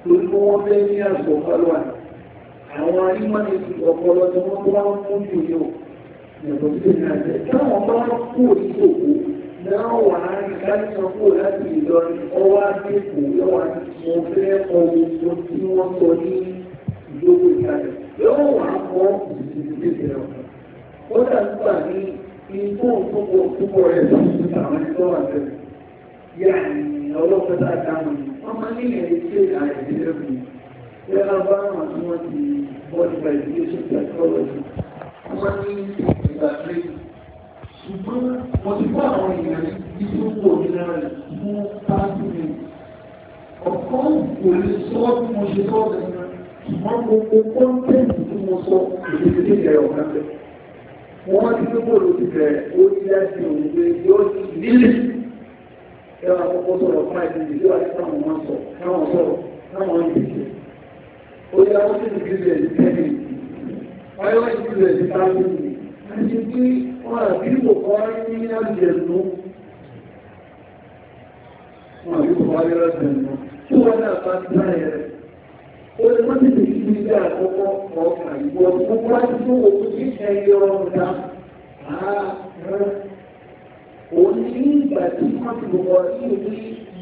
torí kó wọ́n fẹ́ ní àgbọ̀ pálọ̀ àwọn arímọ́ni ti ọpọlọ tí wọ́n bá ń fún jù yóò yàtọ̀ sí ìrìn àjẹ́ táwọn bá ń kú òdìbò kú náà wà á rí káyọ̀ kú láti Ìlọrin ọwọ́ àgbẹ̀kọ̀ yọ̀wá mo fẹ́ kọ tí wọ́n sọ ní ìjókòó ìkàlẹ̀ yọ̀wá ikú òkúkú òkúkú rẹ̀ tó ń tún àwọn ẹgbẹ́ wà bẹ̀rẹ̀. Yà ní ọlọ́pẹ́ tá a dá mọ̀ ní. Wọ́n máa ní ìrìn tí èdè ààrẹ ti rẹ̀ fún mi. Bẹ́ẹ̀ náà bá wọn tí wọ́n ti bọ́ọ̀lù bá education psychology. Wọ́n máa ní ìgbà pé ṣùgbọ́n mo ti kọ́ àwọn èèyàn ní tó ń wò ní náà fún pàṣẹ mi. Ọ̀kan kò lè sọ bí mo ṣe sọ́ọ̀tì náà. Ṣùgbọ́n gbogbo kọ́ńtẹ́ǹtì tí mo sọ èdè wọ́n ti tó bòrò ti bẹ̀rẹ̀ ó láti òun yóò ti nílẹ̀ ẹwà àkọ́kọ́ sọ̀rọ̀ fún àìsíjì yóò àti táwọn máa sọ táwọn sọ̀rọ̀ táwọn ń bèèrè ó yẹ kó tó ti bèèrè ní tẹ́lẹ̀ ọyọ́ ti bèèrè ní táwọn ní àti pé wọ́n àbí kò kọ́ ní àjẹ̀nú wọ́n àbí kò kọ́ ní àjẹ̀nú tí wọ́n náà bá ó lè má tètè sí ilé àkọ́kọ́ ọ̀ àìwọ̀ tó bá ti tó òkú sí ẹyọ ọ̀dà àárẹ̀. òun ní ìgbà tí wọ́n ti lọ́wọ́ sí ìlú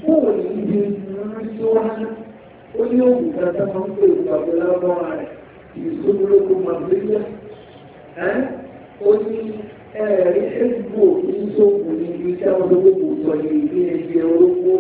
bóòlù ìdí ìrìn tí ó há ó ní òun kàtà máa ń pè ìgbàgbọ́ lábọ́ rẹ̀ ìṣòwòlógún màbílẹ̀ ẹ́ ó ní ẹ̀rí ẹ̀gbò ìṣòwò ní iṣẹ́ olóògbò sọ ní ilé ẹgbẹ́ orógbó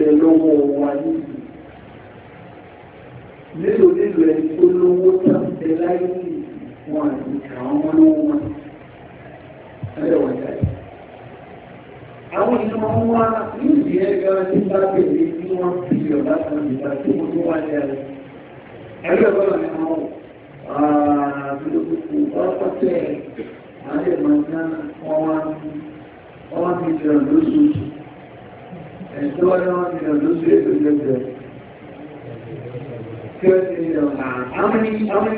jẹ lọ́wọ́ wa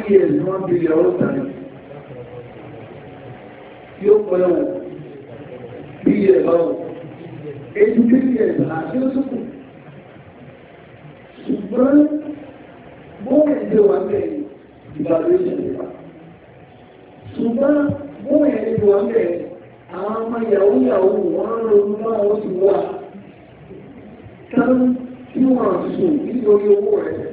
years ni wọ́n bí ilẹ̀ ó tàbí yóò pọ̀lọ̀ wọ̀ bí ilẹ̀ báwọ̀ èyí bí ilẹ̀ àti oṣùkù ṣùgbọ́n bóyá ìdí wà bẹ́ẹ̀ ìbàlóṣẹ̀ nípa ṣùgbọ́n bóyá ìdí wà bẹ́ẹ̀ àwọn ọmọ yahoo yahoo wọ́n ronú náà wọ́n ti wà tán tí wọ́n sùn nítorí owó rẹ̀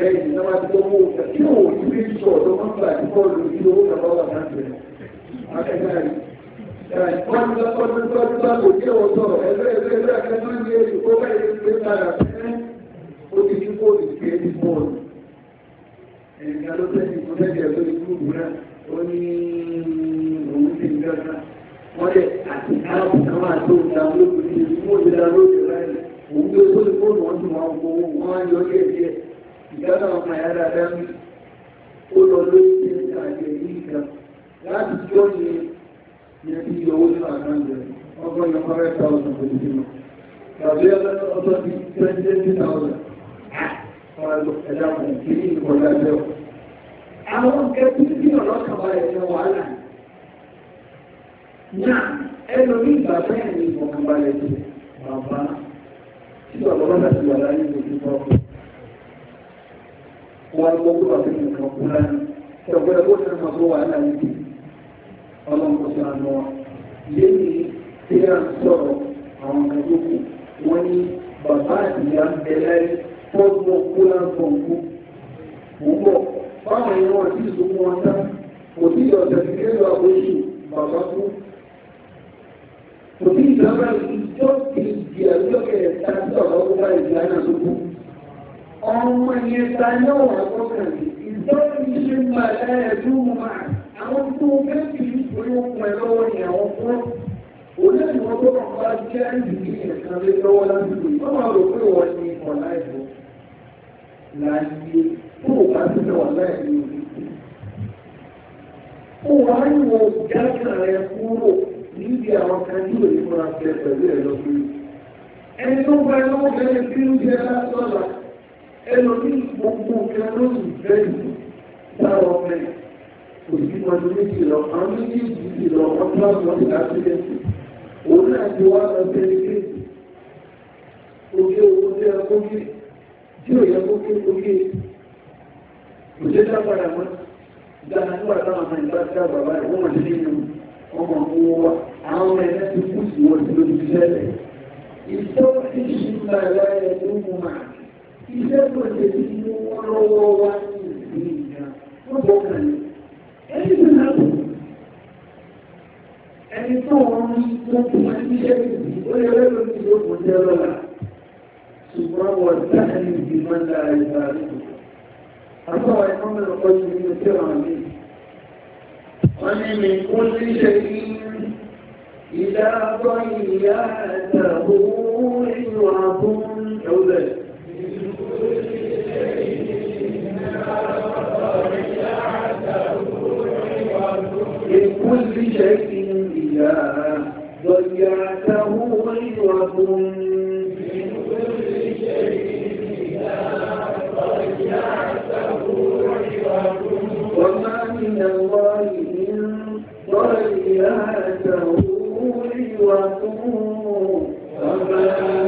bẹ́ẹ̀ ni wọ́n ti gbogbo òkè tí ò ní bí sọ ọ̀dọ́ wọn fà ní bọ́ọ̀lù ní owó kàbá wà láti rẹ̀. akẹ́kọ̀ọ́ rẹ̀ wọ́n ti lọ́kọ́ tó tọ́ tó bá kò jẹ́ ọ̀tọ̀ ẹgbẹ́ ẹgbẹ́ ẹgbẹ́ akẹ́kọ̀ọ́ ní èyí kó bẹ́ẹ̀ ní pé padà fẹ́ ó ti ní kó lè gbé ní bọ́ọ̀lù. ẹ̀ka ló fẹ́ ní kọ́tẹ́ jẹ́ lórí kúrú ó ní òun ti ń gbàgbà wọ́n lẹ̀ àti káàbù kan máa tó ìdá lóògùn ní ìdúró ìdá lóògùn láì òun tó tó ìfóònù wọn tún wọn gbowó wọn á yọ díẹ̀ ìyára ọmọ ẹ̀rọ dání ó lọ lóṣìṣẹ́ níta àjẹ yìí kan láti jọ́ ni yẹn ti yọ owó nínú àkáǹtì rẹ̀ ọgbọ́n yọ five thousand kò sí mọ́ tàbí ọjọ́ ti twenty eight thousand ẹ̀dá kan kì í ìkọjá jẹ́ ọ. àwọn kẹ́kí bí ọ̀rọ̀ kan wà ẹ̀jẹ̀ wàhálà náà ẹnu ní ìgbà bẹ́ẹ̀ ni ìfọ̀kànbalẹ̀ ti bàbá tí ọ̀rọ̀ bá ti wà láyé ìgbòkú fọ́ọ̀kù wọ́n gbọ́ tó wà fún ìkan fún náà ṣọ̀gbọ́n ẹgbẹ́ òṣèré kan tó wà láàyè bí ọlọ́run kò sí àná wa lẹ́yìn tí a ń sọ̀rọ̀ àwọn kan tó kù wọ́n ní bàbá ìyá ń bẹ láyé fọ́ọ̀mù kó láǹfọ̀ kú mú bọ̀ fáwọn èèyàn wọn sí ìsúnkún wọn tán kò sí ọ̀sẹ̀ tí kéré wa kó ṣù bàbá kú kò sí ìjọba ìjọ kejì àjọ kẹta sọ̀rọ̀ ọgbà ìgbà náà tó kú ọmọ ìyẹta náà ọ̀pọ̀kẹ̀rẹ̀ ìjọ́rìṣẹ́ máa ẹ̀ẹ́dú máa àwọn tó mẹ́bí orí okùn ẹ̀ lọ́wọ́ ni àwọn fún olóòwò tó kàn bá jẹ́ ìdílé ẹ̀kan lé lọ́wọ́ lásìkò yìí wọ́n máa rò pé wọ́n ní ọ̀la ẹ̀bọ láàyè tó o bá sílẹ̀ wà láìní orí ó wá ní wo jákà rẹ kúrò níbi àwọn kan òní máa tẹ pẹ̀lú ẹ̀ lọ́gbẹ̀ẹ́ ẹni tó gba ẹlọ́wọ́ bẹ̀rẹ̀ sí oúnjẹ lásán ẹnu ní gbogbo kẹrọ ìfẹ́ yìí lára ọmọ ẹ̀ kò sí wọn ní méjì lọ àwọn méjì jì lọ wọn tó àwọn ọmọ ìlà sílẹ̀ òun náà ti wá lọ bẹ́ẹ̀ kéèkì oge owó tí a kókè tí ò yẹ kókè kókè kò jẹ́ dábàrà mọ́ dáná nígbà táwọn ọmọ ìgbà tí a bàbá ẹ̀ wọ́n ti nínú ọmọ owó wa àwọn ọmọ ẹ̀ ti iṣẹ́ tó ṣe ti mú wọn lọ́wọ́ wá sí ìlú ìjà wọ́n tó kàn ní ẹni tó náà tó ẹni tó wọn ní tó fún wọn níṣẹ́ ìdí ó yẹ lẹ́nu ní ìlú kò jẹ́ lọ́la ṣùgbọ́n wọ́n dáhà ní ìdí máa ń dára ìgbà rẹ̀ àbọ̀ ẹ̀kọ́ mẹ́rin kọ́ ju nínú tí wọ́n ní wọ́n ní mi kún níṣẹ́ yìí ìdá àbọ̀ ìyá ẹ̀tà òun ìwà àbọ̀ ẹ̀wọ̀lẹ̀ لكل شيء إله ضيعته غير من كل شيء وما من الله من ضيعته عوض وما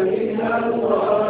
من الله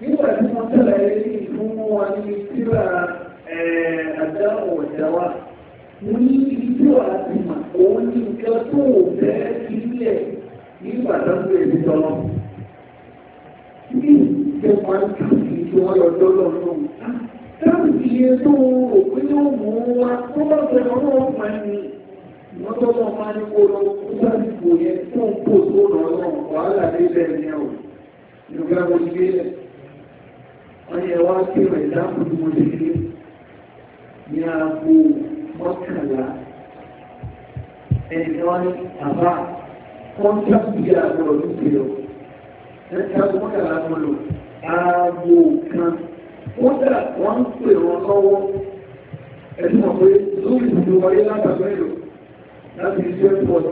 nígbà tí wọ́n tẹ̀lé ìfún wọn ní síra àdáhùn ìdáwà ní ijó àtìmọ̀ òun ní nǹkan tó ò fẹ́ ilẹ̀ nígbà tó ń bèèrè Ní ìjọ máa ń tù sí tí wọ́n lọ dọ́lọ́ náà. Táàbù tó rò pé ó mú wa tó bá fẹ́ lọ́wọ́ ọ̀pá ẹni. Wọ́n tó lọ máa ní kó lọ kó bá ní kò yẹ tó ń kó tó lọ lọ wàhálà nílẹ̀ ni ọ̀. Yorùbá mo ti gbé lẹ̀. Wọ́n yẹ wá sí ìrẹ̀ ìdáàbò ní aago mọ́kànlá ẹnìkan wá ní àbá kọ́ńtàkì yà àgbọ̀rọ̀ ní ìpìlẹ̀ ẹ̀ka aago mọ́kànlá wọn lò aago kan kódà wọ́n ń pè wọn lọ́wọ́ ẹ̀sùn mọ̀ pé lórí ìlú wáyé látàgbà èrò láti ìlú ẹ̀pọ̀tù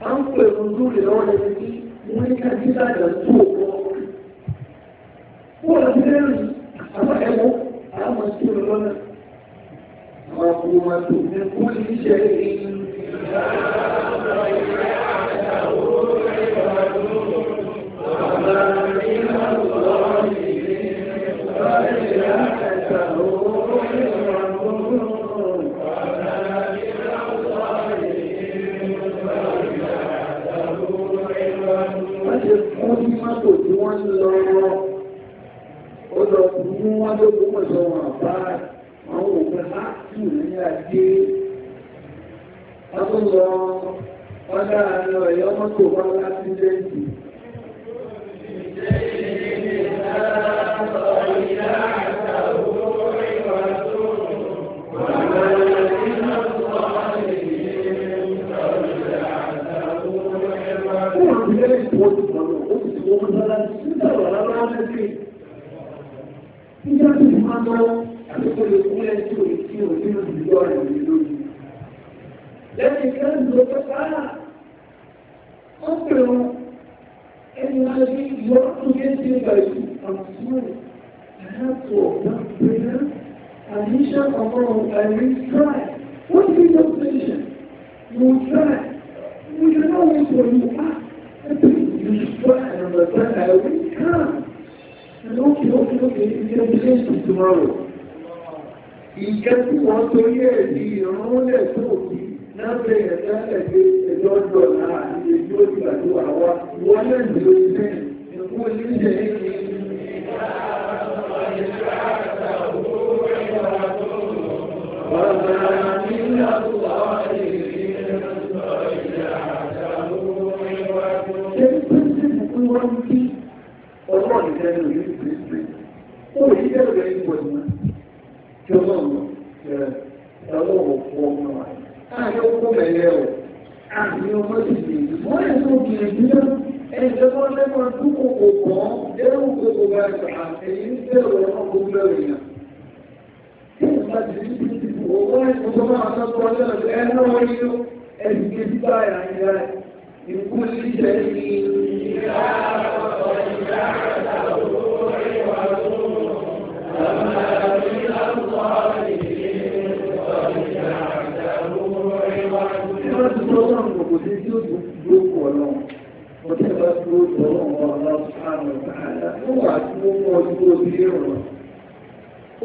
wọ́n ń pè wọn lórí lọ́wọ́ lẹ́yìn tí wọ́n ní ká jí láàjà tó ọ̀pọ̀ wọ́n lọ sí lẹ́rìn àwọn ẹ̀wọ̀n àwọn ọmọ sí lọ́nà مقومة بكل شيء وما من wọ́n lọ ó lọ fún wọn lókùn mọ̀sán wọn bá àti ọdúnlọ ọdá àti ọ̀yọ́ mọ́tò wọn láti lẹ́yìn. Thank you. ọ̀rọ̀ mi lórí. Lẹ́yìn kan ló fẹ́ sáà, wọ́n pè wọn ẹni wọ́n ṣe yọ ọdún méjì I àmọ́sílẹ̀ láti ọ̀gbọ́n pẹ̀lú àdíṣà I ẹ̀rí try. What is your position? You try. We can always you You try and understand that we come. And okay, okay, hope, you can change tomorrow. ìkẹ́ tí wọ́n torí ẹ̀ di ìrànlẹ̀ tó kí lábẹ́ ẹ̀dálẹ̀ pé ẹjọ́ jọ láàrin èyí ó ti àjò àwa wọ́n lẹ́yìn ló ti bẹ́ẹ̀ ẹ̀kọ́ oníṣẹ́ ìrìn Ọlọ́run ìjẹ́ ìròyìn ìgbésí, ó yí jẹ́ ìròyìn ìgbòmọ̀ tí ọlọ́run ọlọ́run fún ọmọ wa káàkiri ọkọ mẹ́lẹ́ o àmì ọmọ sì lè wọ́n yẹ kó gbìyànjú náà ẹni tó wọ́n lẹ́kọ̀ọ́ dúkọ̀ kò pọ̀ dẹ́rù gbogbo bá ẹ̀sọ̀ àtẹ̀yí ń bẹ̀rù ọmọ gbogbo lọ́rọ̀ yẹn. tí wọ́n bá ti rí títí owó ẹ̀sọ̀ tó máa tọ́ tọ́ lọ́rọ̀ ẹ̀ náà wọ́n yóò ẹ̀sì kejì báyà ń yára ìkú sí ìṣẹ̀lẹ̀ ìgbà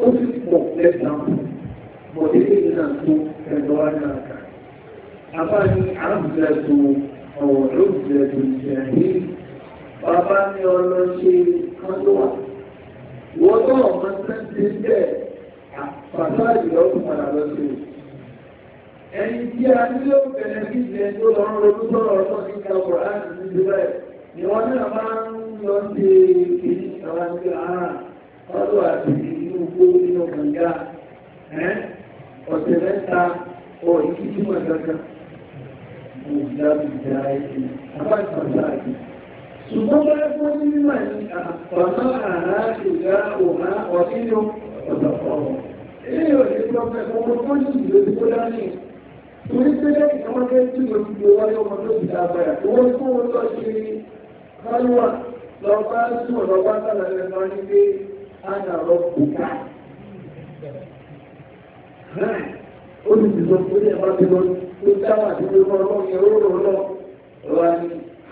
ó sì pọ̀ lẹ́sàn-án bọ̀dé lè náà tó ẹ̀dọ́ aláàkà. Bàbá ní àbùdẹ̀tò ọ̀rọ̀ ló bẹ̀rẹ̀ ìṣẹ̀lẹ̀. Bàbá ní ọlọ́ṣe kan tó wà wọ́n náà máa ń tẹ́tí bẹ́ẹ̀ bàtà ìlọ́ tó padà lọ sí i. ẹni tí a ní ló bẹ̀rẹ̀ bí ìjẹ́ tó lọ ń ronú sọ̀rọ̀ ọ̀tọ̀ ní ìjọba láti ní ìdúrẹ́ ni wọ́n náà máa ń lọ sí èyí àwọn àti àárà ọdún àti inú gbó nínú gbọ̀ngá ọ̀sẹ̀ mẹ́ta ọ̀ ìkíkí mọ̀ kankan. Mo dábìí dáa ẹ̀sìn, àbá ṣùgbọ́n bá fún mímọ̀ ah, ní ọ̀nà àrá ìgbà òhà ọ̀sílò ọ̀dọ̀kọ̀ọ̀. Ilé ìrọ̀lẹ́ ìgbọ́fẹ́ ọmọ fún ìlú ìgbó dání. Torí pé lẹ́yìn àwọn ọmọdé tí mo ti wáyé ọmọ tó ti dábàá, wọ́n fún wọn lọ sí Kálúwà lọ bá sùn lọ bá sàlẹ̀ lẹ́nu wọn ní pé a dáwà sí pé ọlọ́run yẹn ó rọ̀ lọ.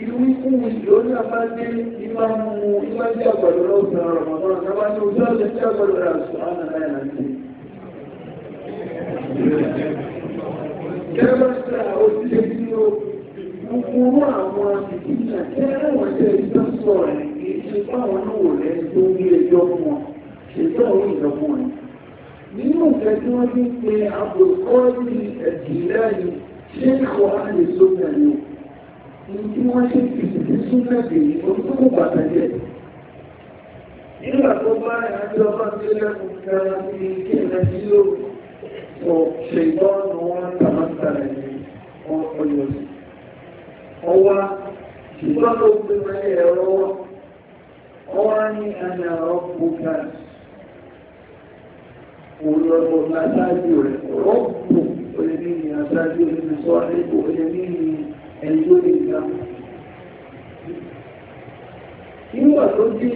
irú ikúwù lórí àbájé ìmá mú ìmá jẹ́ àgbàdo lọ́gbọ̀n ọ̀rọ̀mọ̀tọ́rọ̀ sábà ní ojú ọ̀sẹ̀ jẹ́ àgbàdo rẹ̀ àṣùwọ̀n àná náà náà ti. Kẹ́lọ́sẹ̀ òṣìṣẹ́ tí ó kúkúrú àwọn àtìkíyà kẹ́rẹ́wọ̀n jẹ́ ìjọ sọ̀rọ̀ kìí ṣe fáwọn ń pe àlè sómi àyẹ̀wò ní tí wọ́n ṣe ìsìnkú súnmẹ́bì orúkọ pàtàkì nígbà tó bá ìrìnàjò ọba tí ó lẹ́kùn kára sí kí ìrìnàjò yóò sọ ṣe ìbọ́nù wọn tàbátàrà ní ọyọ sí ọwá ṣùgbọ́n ló gbé mẹ́lẹ̀ ẹ̀rọ ọwá ní àmì àrọ́ gbogbo olùrọ̀pọ̀ lásáájú rẹ̀ rọ́pù olè ní ìrìnàjò olè ní sọ́ọ́ ẹni tó lè gbà. Nígbà tó dé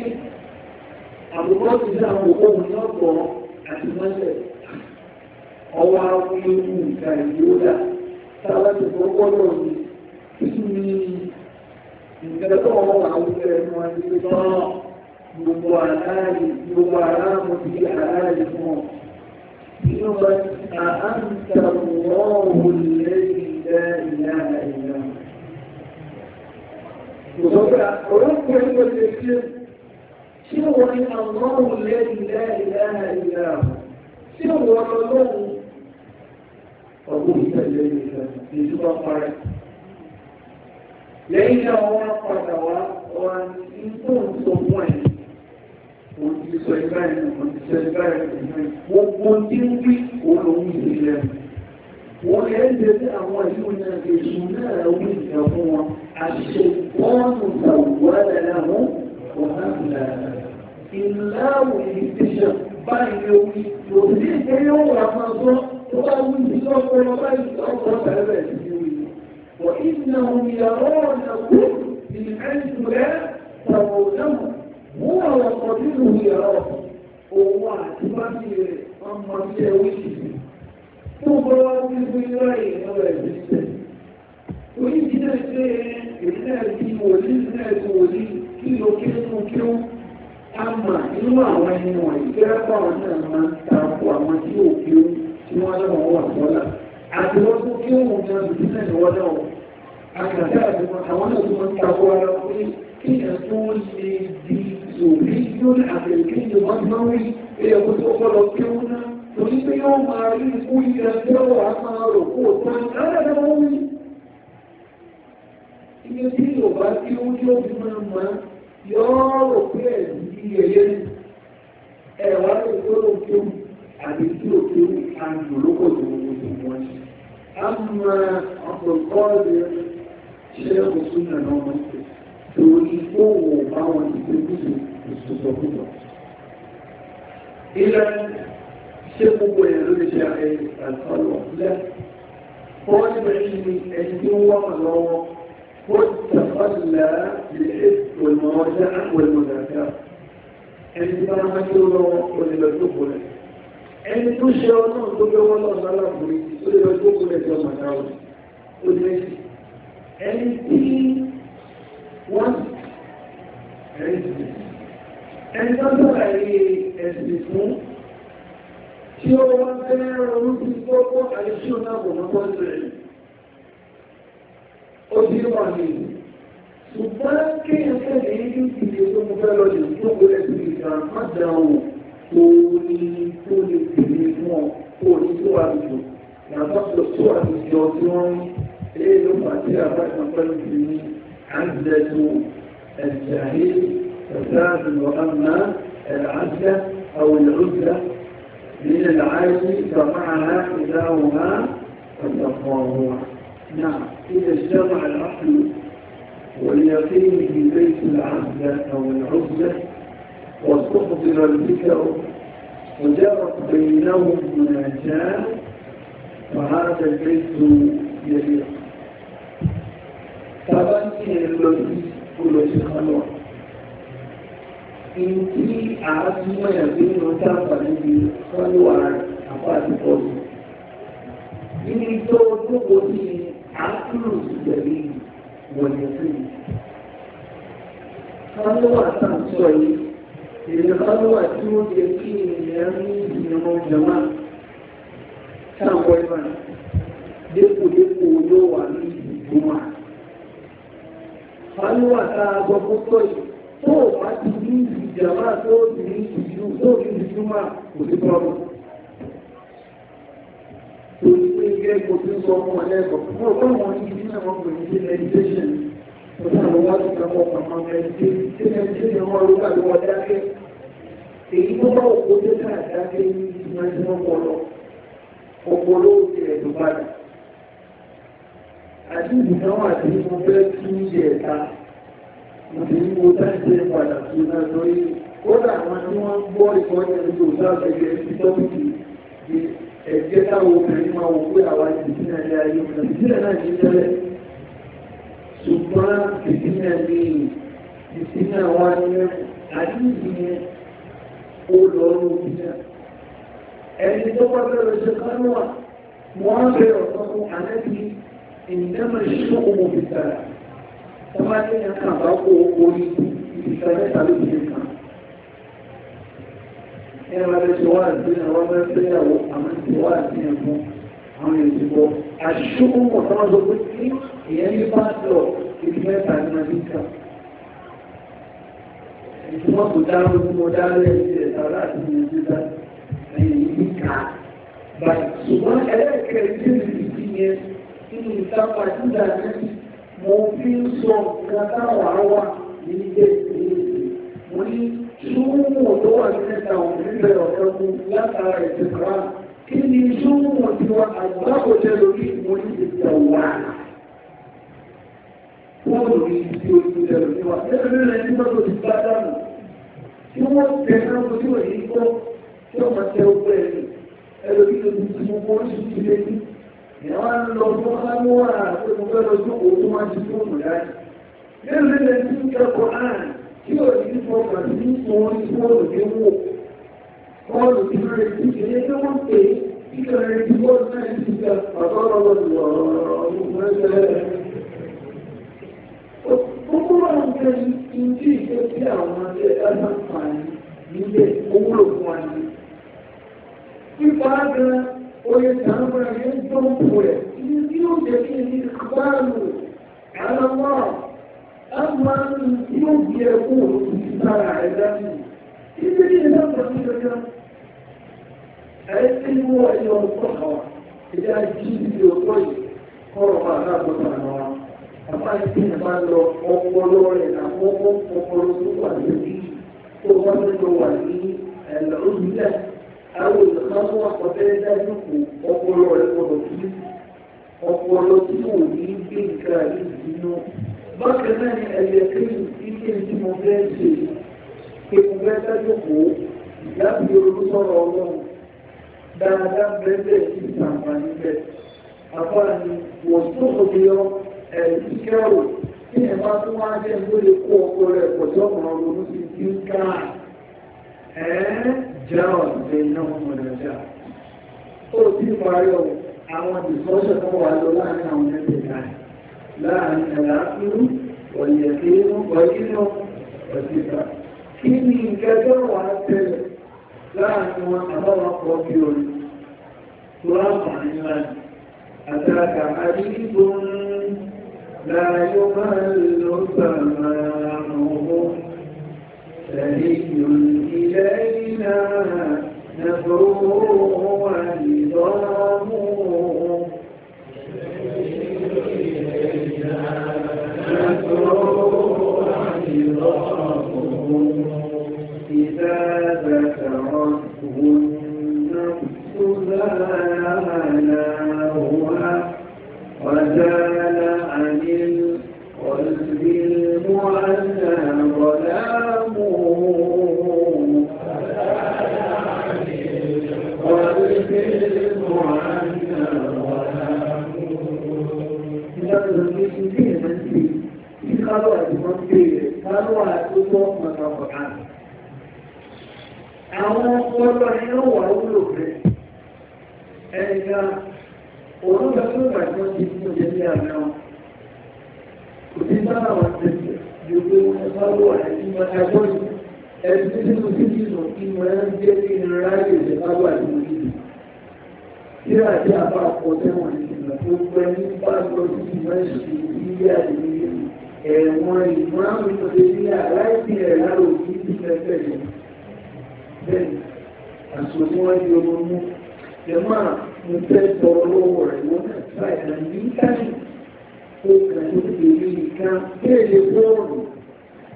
àbúkọ́ ti dá àwọn òkú ní ọ̀pọ̀ àti mọ́sẹ̀. Ọwọ́ àwọn ewu ìka ìlúdà sábà ti kọ́kọ́ lọ ní ìsinmi ìgbẹ́ tó wọ́n wà wúlẹ̀ ẹnu wọn ti fi tán gbogbo àlàyé gbogbo àlàmù ti àlàyé fún ọ. Nínú wọn, àhánsà wọ́ọ̀wù lẹ́yìn. لا إله إلا هو وذكر التفسير سوى الله الذي لا إله إلا هو سوى الله وبهت الذي كفر في سورة قريب lẹ́yìn àwọn apàdà wa wa ní fóònù sọ fún ẹ̀ wọ́n ti sọ ìgbà ẹ̀ wọ́n ti sọ ìgbà ẹ̀ gbogbo tí wí òun lòún wọ́n lè ń tẹ́tẹ́ àwọn ìlú náà èso náà wí ìgbà fún wọn àṣìṣe bọ́ọ̀nù ìgbàwọ́lẹ̀ láwọn ọ̀nà ìlànà ìláwọ̀ ìdíṣẹ́ báyìí ló wí kò sí ìpínlẹ̀ òun àwọn sọ tó bá wí ìṣọ́ ọpọlọ báyìí ọkọ̀ bẹ̀rẹ̀ sí wí. wọ́n ìdíná òun yàrá ọ̀nà kó ìrìn wọn lẹ́gbọ̀ọ́ mo rò pé wọn ní ìdí náà wọ́n gbèrè sí meditation mo ní àwọn wá sí ọmọ ọmọ meditation meditation wọn ló pàdé wọn dákẹ́ èyí tó bá òkú tó káà dákẹ́ ní ìmọ̀ ọpọlọ ọpọlọ òkè ẹ̀dùnpadà àti ìdìkan wà sí mo fẹ́ kí ń yẹ ẹ̀ka mo sì ní mo dáṣe padà sí náà lórí kódà àwọn tí wọ́n gbọ́ ìkọ́ni ẹ̀dùn tó sáfẹ́gẹ́ sí tọ́pìkì ẹ̀jẹ̀ táwọn obìnrin máa wò pé àwa ìdíjìnà ní ayé ọ̀nà ìdíjìnà náà ní tẹ́lẹ̀ ṣùgbọ́n ìdíjìnà ní ìdíjìnà wa ní àdíjì yẹn ó lọ ní ìdíjìnà ẹni tó bá bẹ̀rẹ̀ ṣe kánú wa wọ́n á bẹ̀rẹ̀ ọ̀tọ́ fún àlẹ́bí ìdíjìnà ṣíṣọ́ òmò fìtàrà wọ́n á ní ẹ̀ka àbákò orí ìfẹ́ mẹ́ta ló ti ẹni wọ́n ti wá sí àwọn ọmọ ẹgbẹ́yàwó àwọn ti wá sí ẹ̀fún àwọn ìdìbò àṣùkú ọ̀sán ló pé kí ìyẹn ní bá lọ ibi mẹ́ta ní amẹ́ríkà ìtumọ̀ kò dá lójú mọ́ dá lẹ́yìn ti ẹ̀ta láti ní ẹ̀jú dá ẹ̀yìn ní ká báyìí ṣùgbọ́n ẹlẹ́ẹ̀kẹ́ ìdí ìdí yẹn nínú ìtàpá dídà ní mo fi ń sọ nǹkan táwọn àwa ní ilé ìgbé mo ní súnmù tó wà ní ẹ̀ta òfin bẹ̀rẹ̀ ọ̀fẹ́kú látara ìtìkọ́ kí ni súnmù tí wọ́n àgbákòjẹ́ lórí ìmọ̀ ìdìbò wà fóònù ní ibi ojú ẹ̀rọ ní wa ẹgbẹ́ rẹ̀ nígbà tó ti bá dànù tí wọ́n tẹ̀ náà tó tí wọ́n yìí kọ́ tí wọ́n máa tẹ ogun ẹ̀rọ ẹ̀rọ bí lóbi tí mo kọ́ sí ti ní ìyàwó ń lọ fún aláwọ̀ àti mo tí oye tàbí ẹgbẹ́ tó ń pò ẹ̀, ìdí yóò jẹ́ kí ní àbáàlù, àlọ́wọ́ أما يوم يكون إنسان عدم إذا لم تكن العلم هو إلى الصحوة إلى الجيل الطيب قرب هذا النوع أما إذا ما لو أقولوا لنا أقولوا أقولوا وعلي أقولوا وعلي العزلة أو الخطوة وبين ذلك أقولوا لكم أقولوا لكم وعلي بنكاري bákan náà ni ẹ̀yẹ kéwì ike tí mo fẹ́ ṣe pé mo fẹ́ dájú kó láti orúkọ sọ̀rọ̀ ọlọ́run dáadáa bẹ́ẹ̀ sí ìtàǹfà níbẹ̀ àbáni wọ́n tó òbí yọ ẹ̀rí kẹ́rù tí ẹ̀ máa tún wá jẹ́ ló lè kó ọkọ rẹ̀ pọ̀ tí ọmọ ọlọ́run ti ń ká ẹ̀ẹ́ jẹ́ ọ̀dẹ́ iná ọmọ rẹ̀ ó ti parí àwọn ìfọ́sọ̀ tó wà lọ láàrin àwọn ẹgbẹ̀ta láàrin àlàáfíú ọ̀yẹ̀fí ọ̀yẹ́nà ọ̀síta kí ni ìkẹjọ́ wà tẹ̀lẹ̀ láàrin wọn àbáwọn pọ̀ bí orí tó láǹfààní láàrin àtàkà àdígbò láàyò máa ń lọ sàmà ọmọ ẹ̀yìn ilẹ̀ ìlànà nàbọ̀ wọn ìdọ́rọ̀ أدركته النفس زلالها وزال عن القلب المعنى ظلامه Kalau ada sesuatu, kalau ada sesuatu macam apa? àwọn ọlọ́ iná wà wúlò rẹ̀ ẹ̀yà olóògbàtúgbà tí wọ́n ti fún ìjẹ́ ní àmì àwọn kò sí sára wọn ti ju pé wọ́n bá wà ní ọjọ́ ẹ̀sìn nínú títí nù kí wọ́n ń gbé ní ráyè ìjẹ́báwà nínú títí tí àti àbá ọ̀pọ̀ wọn ìgbà tó pẹ́ ní pàtó sí ìmọ̀ṣì ilé ẹ̀wọ̀n ìmọ̀ àwọn ìmọ̀ṣẹ̀ ní àláìsí ẹ̀ láròkí ìfẹ́fẹ́ yìí bẹ́ẹ̀ àṣọ tí wọ́n yọ ọmọ mú ẹ máa mo fẹ́ tọrọ lọ́wọ́ rẹ̀ wọ́n náà tíra ìlànà yìí káyì ó kàn ní ìrírí nǹkan bẹ́ẹ̀ lè bọ́ọ̀lù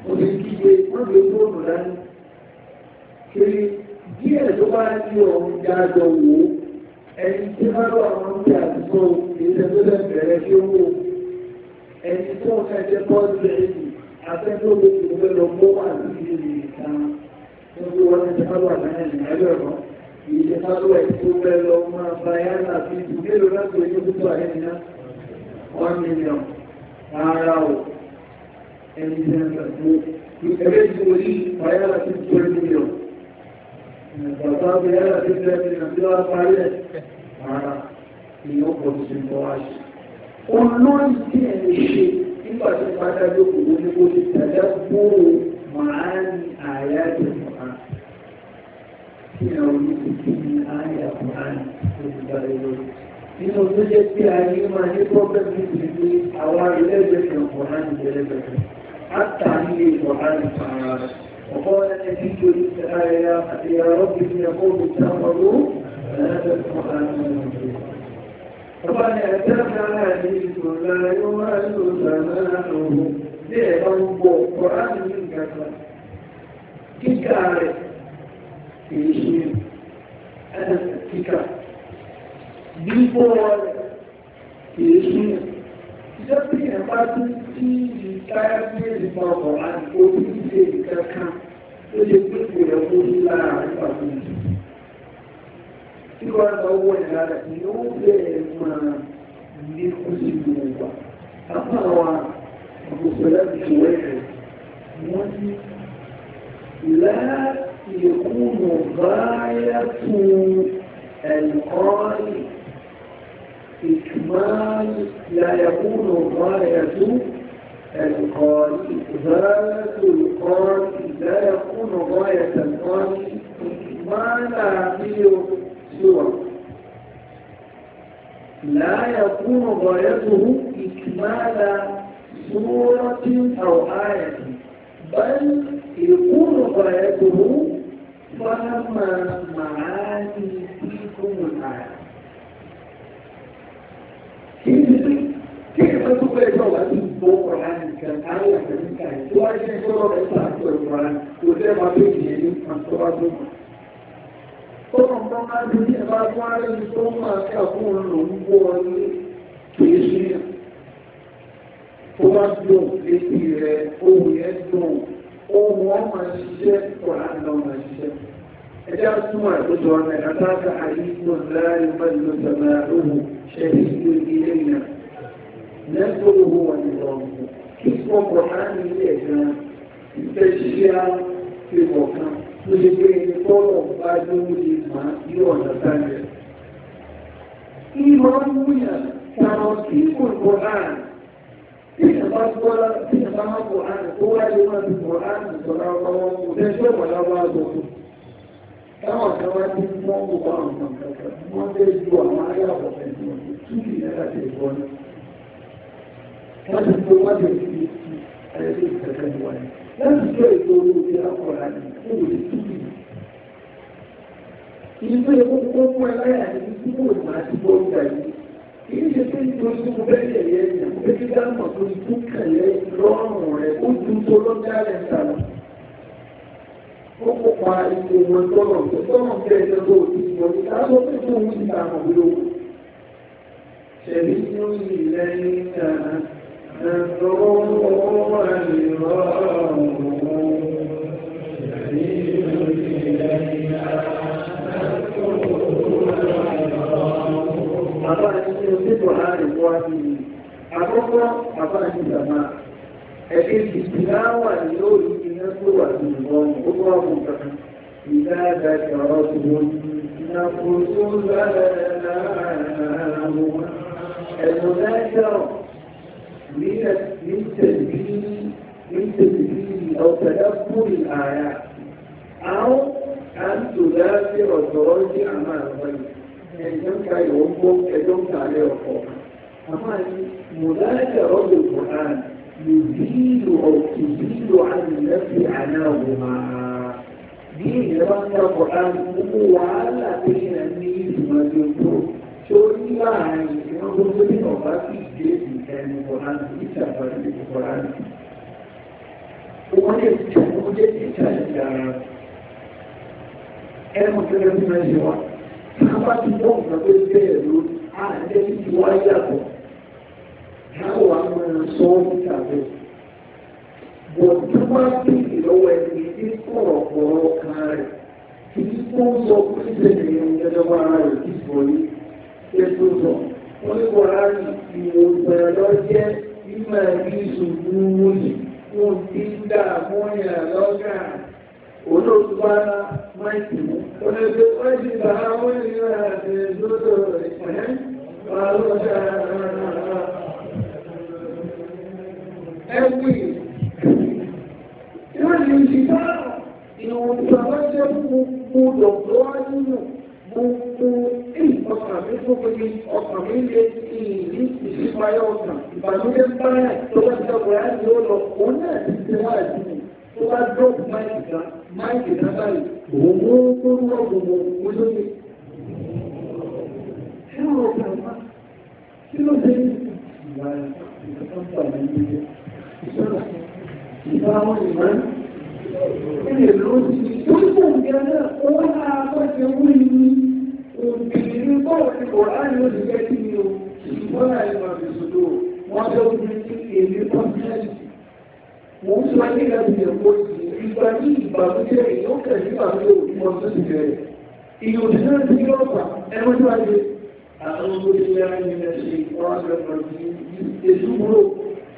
ó lè kígbe wọ́n lè bọ́ọ̀lù dání kiri díẹ̀ tó bá ní ọ̀hún jáde wò ó ẹni tí tó ń fẹ́ jẹ́ ẹ̀yìn afẹ́fẹ́ olóṣèlú lọ mọ́ àdúgbò ìrìn kan níbi wọn ti sábà náà nìyẹn lọ́rọ̀ kìí ṣe sábà ẹ̀ tó fẹ́ lọ máa bá yánà sí ìdílé lọ láti ojú tó wà nínú náà one million rárá o ẹni tí wọn sọ pé ìfẹ́lẹ́ ti wọ́n yí bá yánà sí twenty million bàbá bí yánà sí twenty million tí wọ́n parí ẹ̀ rárá ìyẹn pọ̀ sí mọ́ wá sí. olórí tí ẹ̀ lè ṣe nígbà tí wọ́n bá dájú òkú ní kó ti tẹ̀lé gbòòrò màá ní àyájọ́ kíyàn orí tuntun ní ayé àkùnrin olùgbà ìlú. Nínú tó jẹ́ pé ayé máa ní pọ́pẹ́tì nítorí pé àwọn ilé-ẹgbẹ́ kan kò náà ní ìrẹ́lẹ́gbẹ́ kan. A tà ní ìwọ̀ àrùn ara rẹ̀. Ọ̀pọ̀ ẹni tí kò ní ṣe ayẹyẹ àti àrọ́bì ní ẹ̀kọ́ òkúta ọlú Ọba ni ẹ̀jẹ̀ náà ní ìgbò lára ní ẹ̀bá gbogbo kìí ṣe ẹ̀dà kíkà bíbọ́ rẹ̀ kìí ṣe jẹ́ bí ẹ̀bá tí tí ìkáyà sí ìgbà ọ̀rọ̀ àti orí ìṣe ìkankan tó lè pé kò yẹ kó ní lára nípa tó ní. Tí wọ́n lọ wọ ìlà rẹ̀ ni ó bẹ̀rẹ̀ máa ní kó sí gbogbo wa. Àwọn àwọn àgbòsọ̀lá ti ṣòwò ẹ̀rẹ̀ wọ́n ní ìlànà يكون غاية القارئ إكمال لا يكون غاية القارئ غاية القارئ لا يكون غاية القارئ إكمال عمله سوى لا يكون غايته إكمال سورة أو آية بل يكون غايته فما معاني فيكم الآية Kíkẹ́ tó bẹ̀rẹ̀ tó wà ní ìbò Kùránì kan, àwọn ìpẹ̀lú kan, tó wá jẹ́ ìṣòro rẹ̀ sàtò Kùránì, kò jẹ́ máa tó yìí ní àtọ́wájú. Ó kàn bọ́ máa ní ní ẹ̀bá tó wá lẹ́nu tó máa kí ohun ọmọ ṣiṣẹ́ Kùránì lọ́mọ ṣiṣẹ́. أجاب سمع قدوة أن أتاك حديث لا يمل سماعه شهيد إلينا نزله ونظامه اسم القرآن إلينا تشجيع في القرآن تجدين طول بعده لما يوانا ثانيا إيماننا تنصيب القرآن Ìjọba Kùránì tó wáyé wọn ti Kùránì sọ̀rọ̀ ọmọ ọmọ òṣèṣẹ́ wọ̀lọ́wọ́ àgbọ̀kùn. táwọn kan wá ní wọ́n kó bá àwọn kan kankan wọ́n dé ju àwọn aráàlú pẹ̀lú túbì náírà tẹ̀ bọ́ ní. wọ́n ti tó wọ́n ti fi ẹ̀rẹ́dẹ́ ìtẹ̀kẹ́ ní wáyé láti jẹ́ ètò orí òkè akọ̀ọ̀lá ní òwò túbì. ìlú epo kó mú ẹ láyà ní túbò máa ti bọ́ ìgbà yìí kìí ṣe pé nítorí tó bẹ́ẹ̀ yẹ̀ yẹ́ yẹ̀ pé kí dáhùn tó ti tún kẹ̀lẹ́ lọ́rùn rẹ̀ ó ju tó lọ́jà rẹ̀ sàlọ̀ ó kópa iye wọn tọ́nà tó tọ́nà tí ẹ̀jẹ̀ tó ti yọ ní káàtó tó tó wù ní àwọn olówó. ṣẹ̀lí ní oṣù lẹ́yìn náà ẹ̀rọ ọmọ ìrọ̀ ṣẹ̀lí ní oṣù lẹ́yìn náà ẹ̀rọ ọmọ ìrọ̀ àbáyé ní oṣù tó láàrin wá sí i àkọ́kọ́ àbáyé ìjàmáà ẹbí ìsìláwà ni ó rí iná tó wà ní ìwọ̀n ó wà wù kan ìdá àdájọ ọ̀rọ̀ tó wọ́n iná kò tó lára àwọn ẹ̀rọ dájọ́ من تدبير من تدبير أو تدبر الآيات أو أن تدافر وتراجع ما أمامك ẹ̀jọ́n ka ìwọ̀n bó ẹjọ́n ka lé ọ̀pọ̀ àmọ́ àti mùdájà rọ́bì kùránì يزيل أو تزيل عن النفي عناهما دين رمى القرآن وعلى بين النيس ما ينفر sórí láàrin ìran gbogbo ní ọ̀bá sì gbé ìkẹni kọ̀ọ̀án ìṣàfàrí ìkọ̀ọ̀án. Wọ́n lè tẹ̀ ó jẹ́ ìṣàṣẹ̀ ara. Ẹnu gẹ́gẹ́ bí wọ́n ṣe wá. Tábà ti gbọ́ nǹkan tó bẹ̀rẹ̀ lórí, àá jẹ́ kí wọ́n yàtọ̀ kó wa máa sọ ọ́ níta rẹ̀. Bọ̀dù tó bá bí ìlọ́wọ́ ẹni tí kọ̀rọ̀ kọ̀rọ̀ kan rẹ̀ kì í kó sọ pé ìṣẹ̀lẹ̀ yẹn jẹjọ́ bá ara rẹ̀ kì í sọ yìí. Ṣé tó sọ? Wọ́n ní wọ́n á rí ìwò ìgbàlọ́ jẹ́ mímọ̀ ní ìṣòro wòlíì. Wọ́n ti ń dà mọ́yà lọ́gà. Olóòtú máìkì mú. Olóòtú bá ti bá wọ́n ní ìrìn àti ìdúró ìpínlẹ̀. Wọ́n á lọ́jà ẹ̀wì láti ìṣìṣẹ́ ìwọ̀n ìṣàlọ́jẹ́ gbogbo dọ̀dọ̀ nínú gbogbo ọkàn mi tó gbogbo ọkàn mi lè ti ìlú ìṣípayọ̀ ọkàn ìbànújẹ́ báyà tó bá jẹ́ ọkọ̀ láti ó lọ òun náà ti ṣe wá ìdí tó bá dọ́ọ̀bù máìkì kan máìkì kan báyìí òun ó tó rọ̀ gbogbo olóyè. Kí ló dé? Kí ló dé? ìdáwọ́ ìwọ́n ilẹ̀ lórí ìtúkù gẹ́gẹ́ owó náà tó ṣe wú ní òkèèrè bọ́ọ̀ ti kò láàrin òṣìṣẹ́ kí ni o ìgbọ́n náà ni wọ́n fi sùdó wọ́n tó ń bí sí èmi kọ́ńtẹ́ẹ̀tì mo ń sọ ní ìlànà ìyẹ̀kọ́ ìgbà ní ìgbàlódé ìyókè nígbà tó wọ́n tó ti bẹ̀rẹ̀ ìyòsílẹ̀ tí yóò fà ẹgbẹ́ tó wáyé àwọn olóṣèlú ayé ẹ̀ṣẹ̀ ìkọ́ra ẹ̀ṣẹ̀ ìṣúgbòrò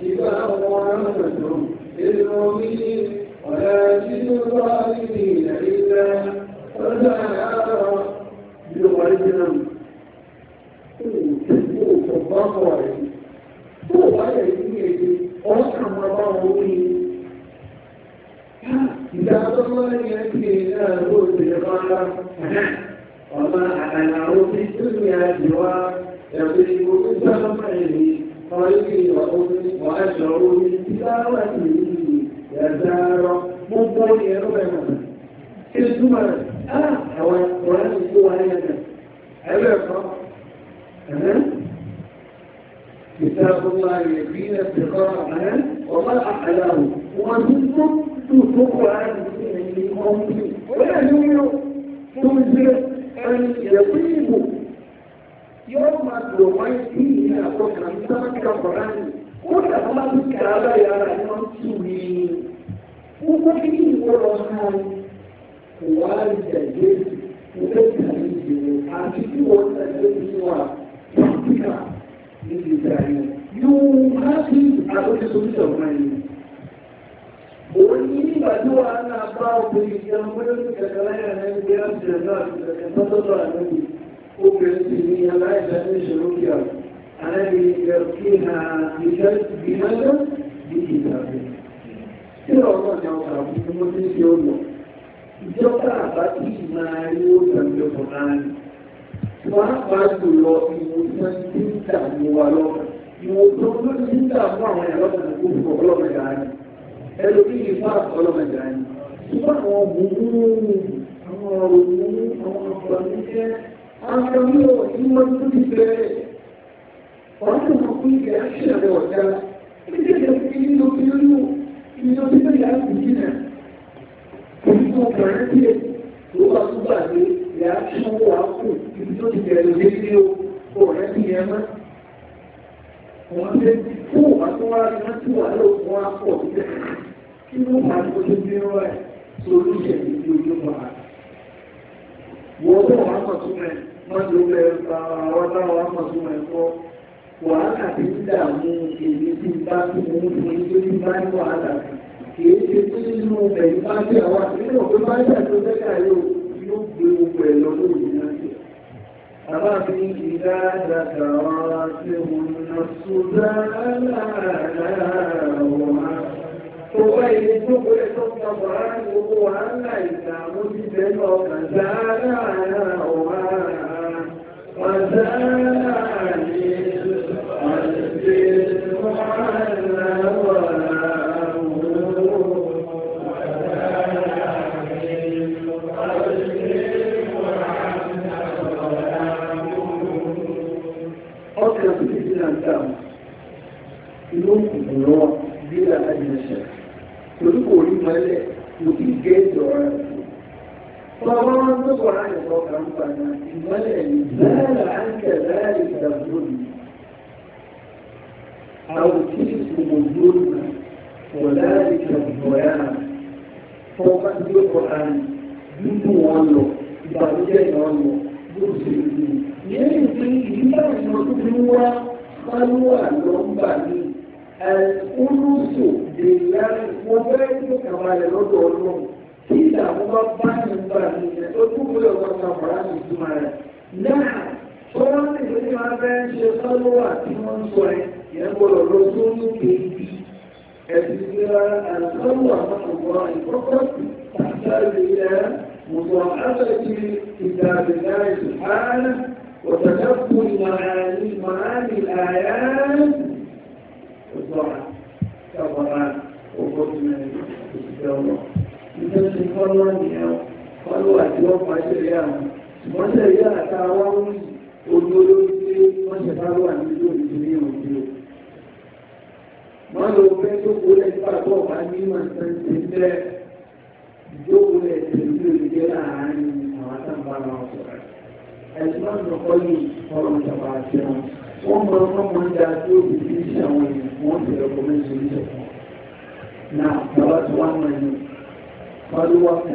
سوى محمد للمؤمنين ولا يجد الظالمين إلا فلا يغيرهم كتاب الله يكفينا بالغاية وما على عروض الدنيا سوى يضرب بسمعه قلبي وأذني وأجر من تلاوته يزار مضر يرمى الزمر آه كتاب الله يبين اتقاء وما أحلاه ومنكم تفق عن دينهم أن يطيبوا yóò máa dùn wọ́n sí ìyẹn àtọ́kà ní sábàkà kọ̀ọ̀rán kó dàbọ̀ máa tún kà á láyà ara ní wọ́n tù mí. wọ́n kọ́ kí ìwọ lọ sáré kò wá ìjẹ̀jẹ̀ ìwé ìtàlẹ̀ ìdìbò àti kí wọ́n tẹ̀lé ìwà pàtíkà ní ìgbà yẹn. yóò máa fi àkóso solution máa yẹn. òun ní nígbà tí wàá náà bá obìnrin jẹun pé ó ti kẹ̀kẹ́ láyà náà ń gbé àti ẹ̀ náà ti kẹ̀kẹ́ tọ́tọ́tọ́ àná obìnrin sì ni aláìsàn ní ìṣòro kí a aláìní ìgbà kí ha ìṣẹ́ ìgbìyànjọ́ bí ìgbàgbé tí ọ̀rọ̀ ni ọkà fún mo ti ń ṣe ọ̀nà ìjọba àbájí máa rí ó tàbí ọkọ̀ náà ni wọ́n á pa jùlọ ìwòsàn tí ń dààmú wa lọ́kàn ìwòsàn ló ti ń dààmú àwọn ẹ̀rọ kan kó fún ọlọ́mọdé ayé ẹlòmí ìfá ọlọ́mọdé ayé ṣùgbọ́n àwọn ọmọ òun àwọn ọ̀rọ̀ òun àwọn ọ̀rọ̀ Aqui eu não tenho mais o filho, eu que dizer. Quando eu fui ver a China de hoje, eu disse que eu não tenho nenhum, que eu não tenho nada a dizer. Por isso, o grande, o nosso Brasil, é a China do alto, que eu não tenho nada a dizer, eu não tenho nada a dizer. Quando ele se forra com a natural, com a força, que não faz você ver, não é? Sou do jeito que eu não faço. Vou adorar com a sua mente. mọ́jú lẹ́ àwọ́dáwà mọ̀sún ẹ̀kọ́ wàhálà tí ń dààmú èyí tí ń bá tí mo ń fún ilé tí bá ní wàhálà kìí ṣe tí nínú ẹ̀yìn bá jẹ́ àwa nínú òpin bá ló ń kò lọ́wọ́ bí i àjẹsẹ̀ torí kò rí mọ́lẹ̀ kò tí ì gé ìjọ rẹ̀. فمن تقول عن الصوت عن فانا زال عنك ذلك الظلم أو تسلم الظلم وذلك الضيان فوق القرآن دون والله بعدين والله بوسيلي yẹ́nì pé ìgbà ìmọ̀tòkè wá pálúwà ló ń bà ní ẹ̀kúrúsù dè láì wọ́n fẹ́ẹ́ tó kàwálẹ̀ lọ́dọ̀ ọlọ́run Títà àkọ́kọ́ bá nípa ìrìnà tó kúrò ọ̀pọ̀ ọ̀pọ̀lá ní ìtumà rẹ̀. Náà, tó wọ́n ní ìwé tí wọ́n fẹ́ ń ṣe sọ́lọ́wà tí wọ́n ń sọ ẹ̀, ìyẹn gbọ́dọ̀ lọ tó ń lókè ibi. Ẹ̀sìn ti ra àlùsọ́lọ́wà mọ́kànlá ìkọ́kọ́ sí àṣàlẹ̀ ilẹ̀ مضاعفة كتاب الله سبحانه وتدبر معاني معاني الآيات والضعف كما وقلنا الله tó ṣe fọ́lọ́ nìyẹn fọ́lọ́ àti wọ́n pa ṣẹ̀rí àwọn ṣùgbọ́n ṣẹ̀rí àta wá ń ojú olórí pé wọ́n ṣe bá wà nílò ìdílé òjò wọ́n lọ fẹ́ tó kó lẹ́gbà bọ̀ wá ní màtán ti bẹ́ ìjókòó rẹ̀ tẹ̀lé òjò láàárín àwọn àtàbàrà ọ̀sọ̀rọ̀ ẹ̀sùn àgbọ̀kọ́ yìí fọ́lọ́ ìjọba àti wọn wọ́n mọ wọ́n mọ ìdá tí ó fi fi ṣàwọn èèyàn wọ́n ti rẹ̀ kọ́mẹ́sì oníṣẹ̀kọ́ náà bàbá tí wọ́n mọ ẹ̀yìn فالوقت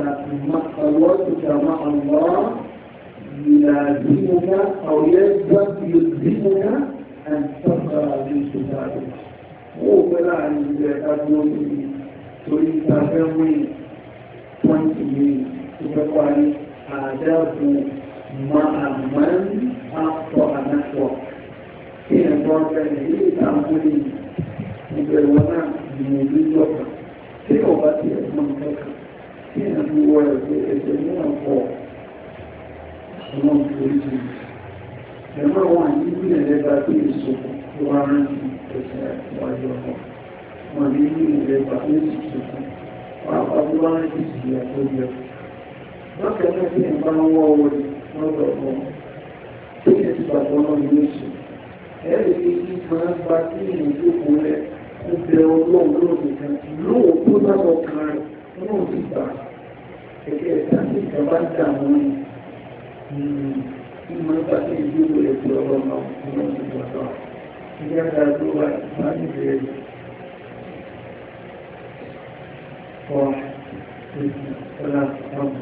مع الله يلازمك أو يجب يلزمك أن تقرأ من كتابه هو بلا أن يكون تريد تفهمي تنتمي تتقال آداب مع من أخطأ نحوه كنا نقول أن هي تعمل ìbẹ̀rù náà ní ìlú ìjọba tí ọba tí ẹ̀sùn mọ̀ nǹkan kan kí èèyàn fi wọ ẹ̀jẹ̀ ẹ̀jẹ̀ mìíràn pọ̀ ọmọ ìforíjì ẹ̀mọ́ wọn ní ìpínlẹ̀ lẹ́gbà pé èso tó wá ń fi ẹ̀sẹ̀ wáyé ọkọ̀ wọn ní ìpínlẹ̀ lẹ́gbà pé èso tó kù pàápàá tó wá ń fi ìsìlẹ̀ tó yẹ lọ́kẹ̀ náà fi ẹ̀bá ń wọ́ owó lọ́dọ̀ ọ̀pọ̀ tó yẹ ti ọlọ́run lóògùn kan lóòótọ́ sábọ̀ kan rẹ̀ música se quiere también se va a y no está sentido de todo no no se pasó y ya está todo más difícil por por la forma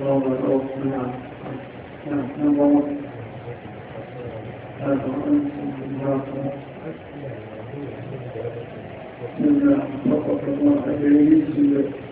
no no no no no vamos Thank you.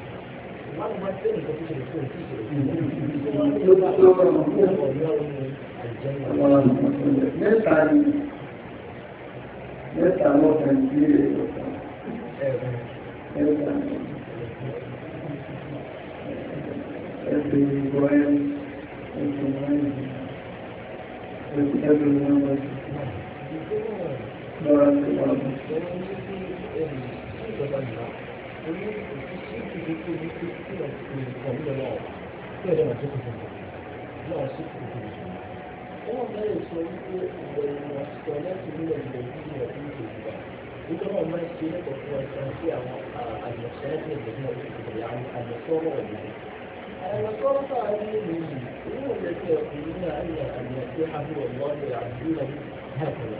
mẹ́ta ni mẹ́ta lọ́kàn sí ẹ̀rọ mẹ́ta ni ẹ̀sẹ̀ ìgbọ́ ẹ̀rọ ẹ̀sẹ̀ ìwọ̀n ẹ̀sẹ̀ ẹ̀rọ ìwọ̀n lọ́wọ́ sí ọ̀rọ̀ ìjọba ìjọba 这这这这这种我们的药，这种就是什么？药是不是？我们有说一些我我所认识的有一些有一些的，如果我们学那个佛像这样啊，俺们学那个人是怎么样？俺们说过我们。أنا قرأت عليه من هو الذي يقولون أن أن يصيح هو الله يعبدونه هكذا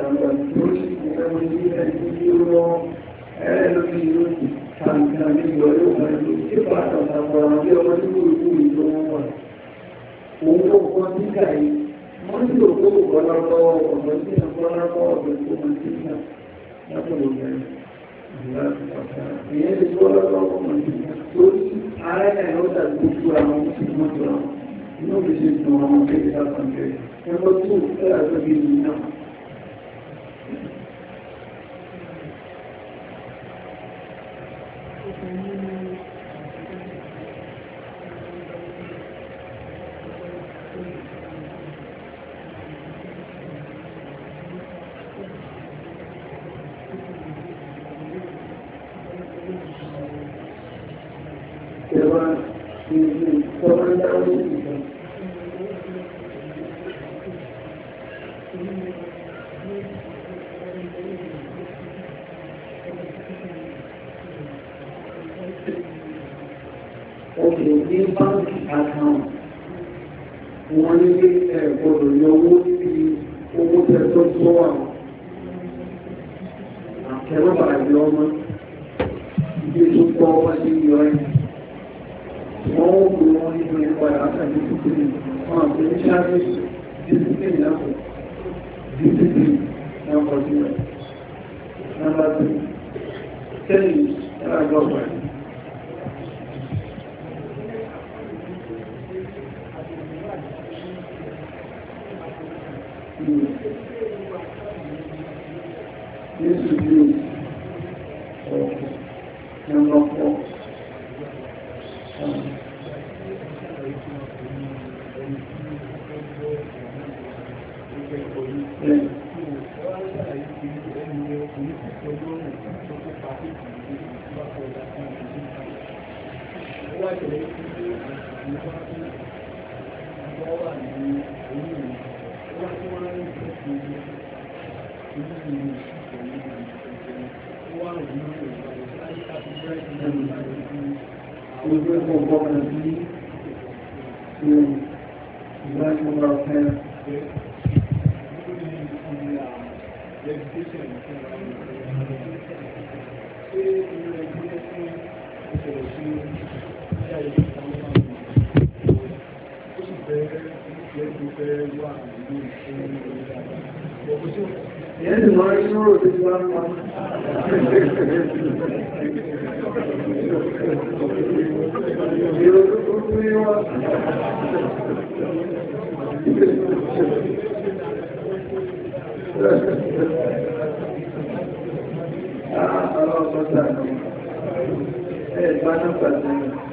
ìdàgbà tó sì ti ẹ̀rọ ní ẹni tí ó lọ ẹ̀rọ ní ìlú kàǹkà ní ìwọ̀ yóò máa lò sí pàtàkì àwọn ọmọdé ọmọ tí kò kú ìlú wọn wà. Òun ló kọ́ níkà yìí, wọ́n sì lò kó kọ́ lọ́kọ́ ọ̀gbọ̀n sí ẹ̀kọ́ lọ́kọ́ ọ̀gbọ̀n tó máa ti nà látọ̀rọ̀ bẹ̀rẹ̀. Ìyẹn ti kọ́ lọ́kọ́ ọmọ tí ó ní ara ẹ̀ lọ́dà tó kú àwọn mùsùlùmí jọ. Inú mi ṣe dùn náà. Thank you. Ẹni máa ń rò tí wá ń wá. Ìrò tó kú ní wá. Àwọn ọmọ sáà. Ẹ bá náà pàtàkì.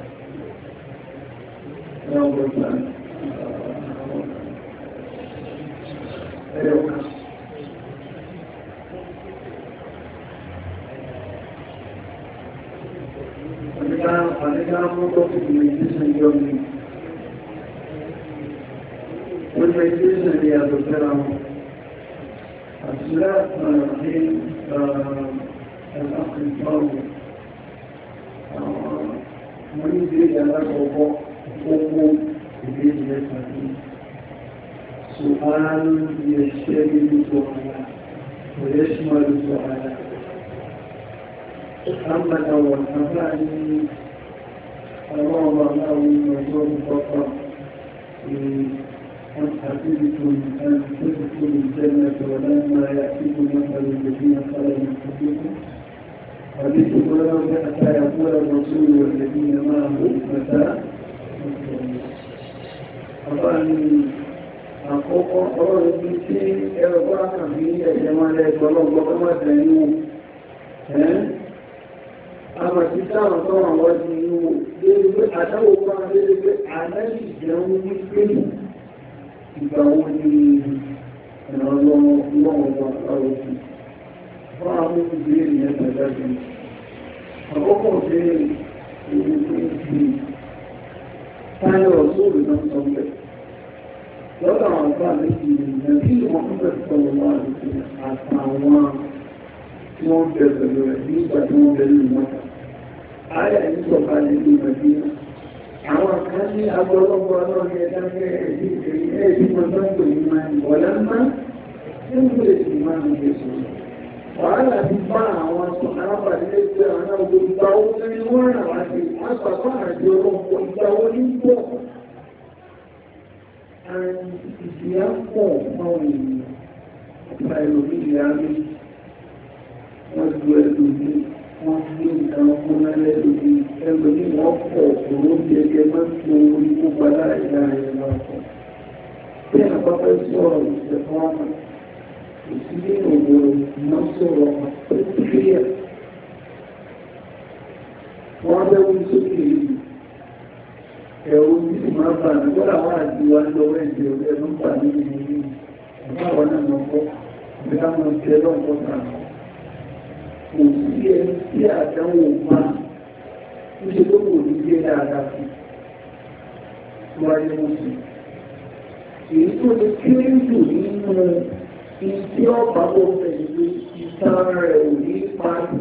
bẹ̀ ìlú ìtàn rẹ̀ ò ní parí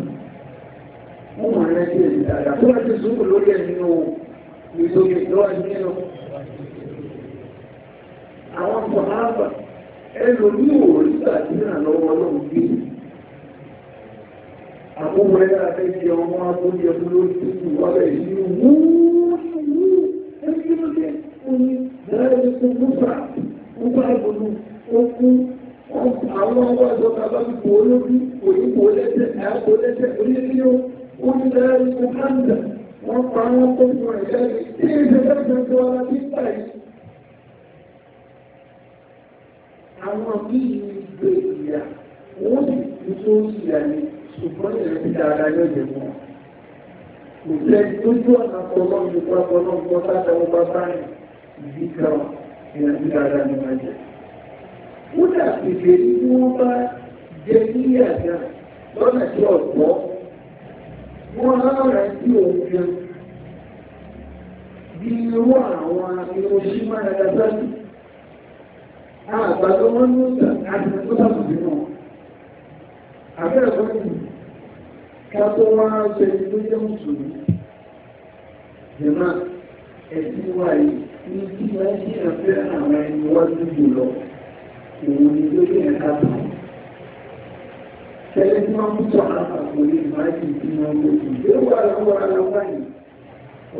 wọ́n mọ̀ rẹ̀ sí èyí dáadáa tó bá ti sùúrù lórí ẹ̀ nínú ìlú ìlọ́wà nínú àwọn sọ̀hábà ẹnu ní òrìṣà tí ìrànlọ́wọ́ ọlọ́run gbé àwọn ọmọ ẹ̀rọ abẹ́jẹ ọmọ agbóyẹ lórí títù ọbẹ̀ yìí wúúwú ẹgbẹ́ ló dé omi lẹ́yìn tó kúfà kúfà ìbòlú ó kú àwọn ọwọ́ ìjọba bá ti kò olóbi òyìnbó lẹ́sẹ̀ ẹ̀ẹ́kò lẹ́sẹ̀ onílé ó ní lẹ́yìn tó kánìdà wọ́n pa wọ́n tó fún ẹ̀yẹ́ tí ìṣẹ́ lẹ́sẹ̀ tó ara ti ń tàyí. àwọn bí ìgbé ìyà wọ́n sì ti tó ìyà ni ṣùgbọ́n ìrìn ti dára yóò jẹ mọ́. kò jẹ́ lójú ọ̀nà pọ̀lọ́mù pọ̀lọ́mù pọ̀lọ́mù pọ̀lọ́mù pọ̀lọ́mù pọ̀lọ́mù kódà pèsè tí wọ́n bá jẹ ní àga lọ́nà tí ọ̀pọ̀ wọn lára sí òun bí irú àwọn irunṣí máa yára sáré àgbàdo wọn ní ìgbà àti ìgbà tó bá àbẹ́rẹ́ tó kù ká tó wá ṣe tó jẹ́ mùsùlùmí jẹ̀má ẹ̀sìn wáyé ní kí wọ́n ṣe àfẹ́ àwọn ẹni wájú jù lọ òun ni ló ní ẹ̀ka tó. Ṣẹlẹ̀ tí wọ́n ń sọ àpapọ̀ ní ìmáàjì tí wọ́n ń gbòdì. Yóò wà lọ́wọ́ ara báyìí.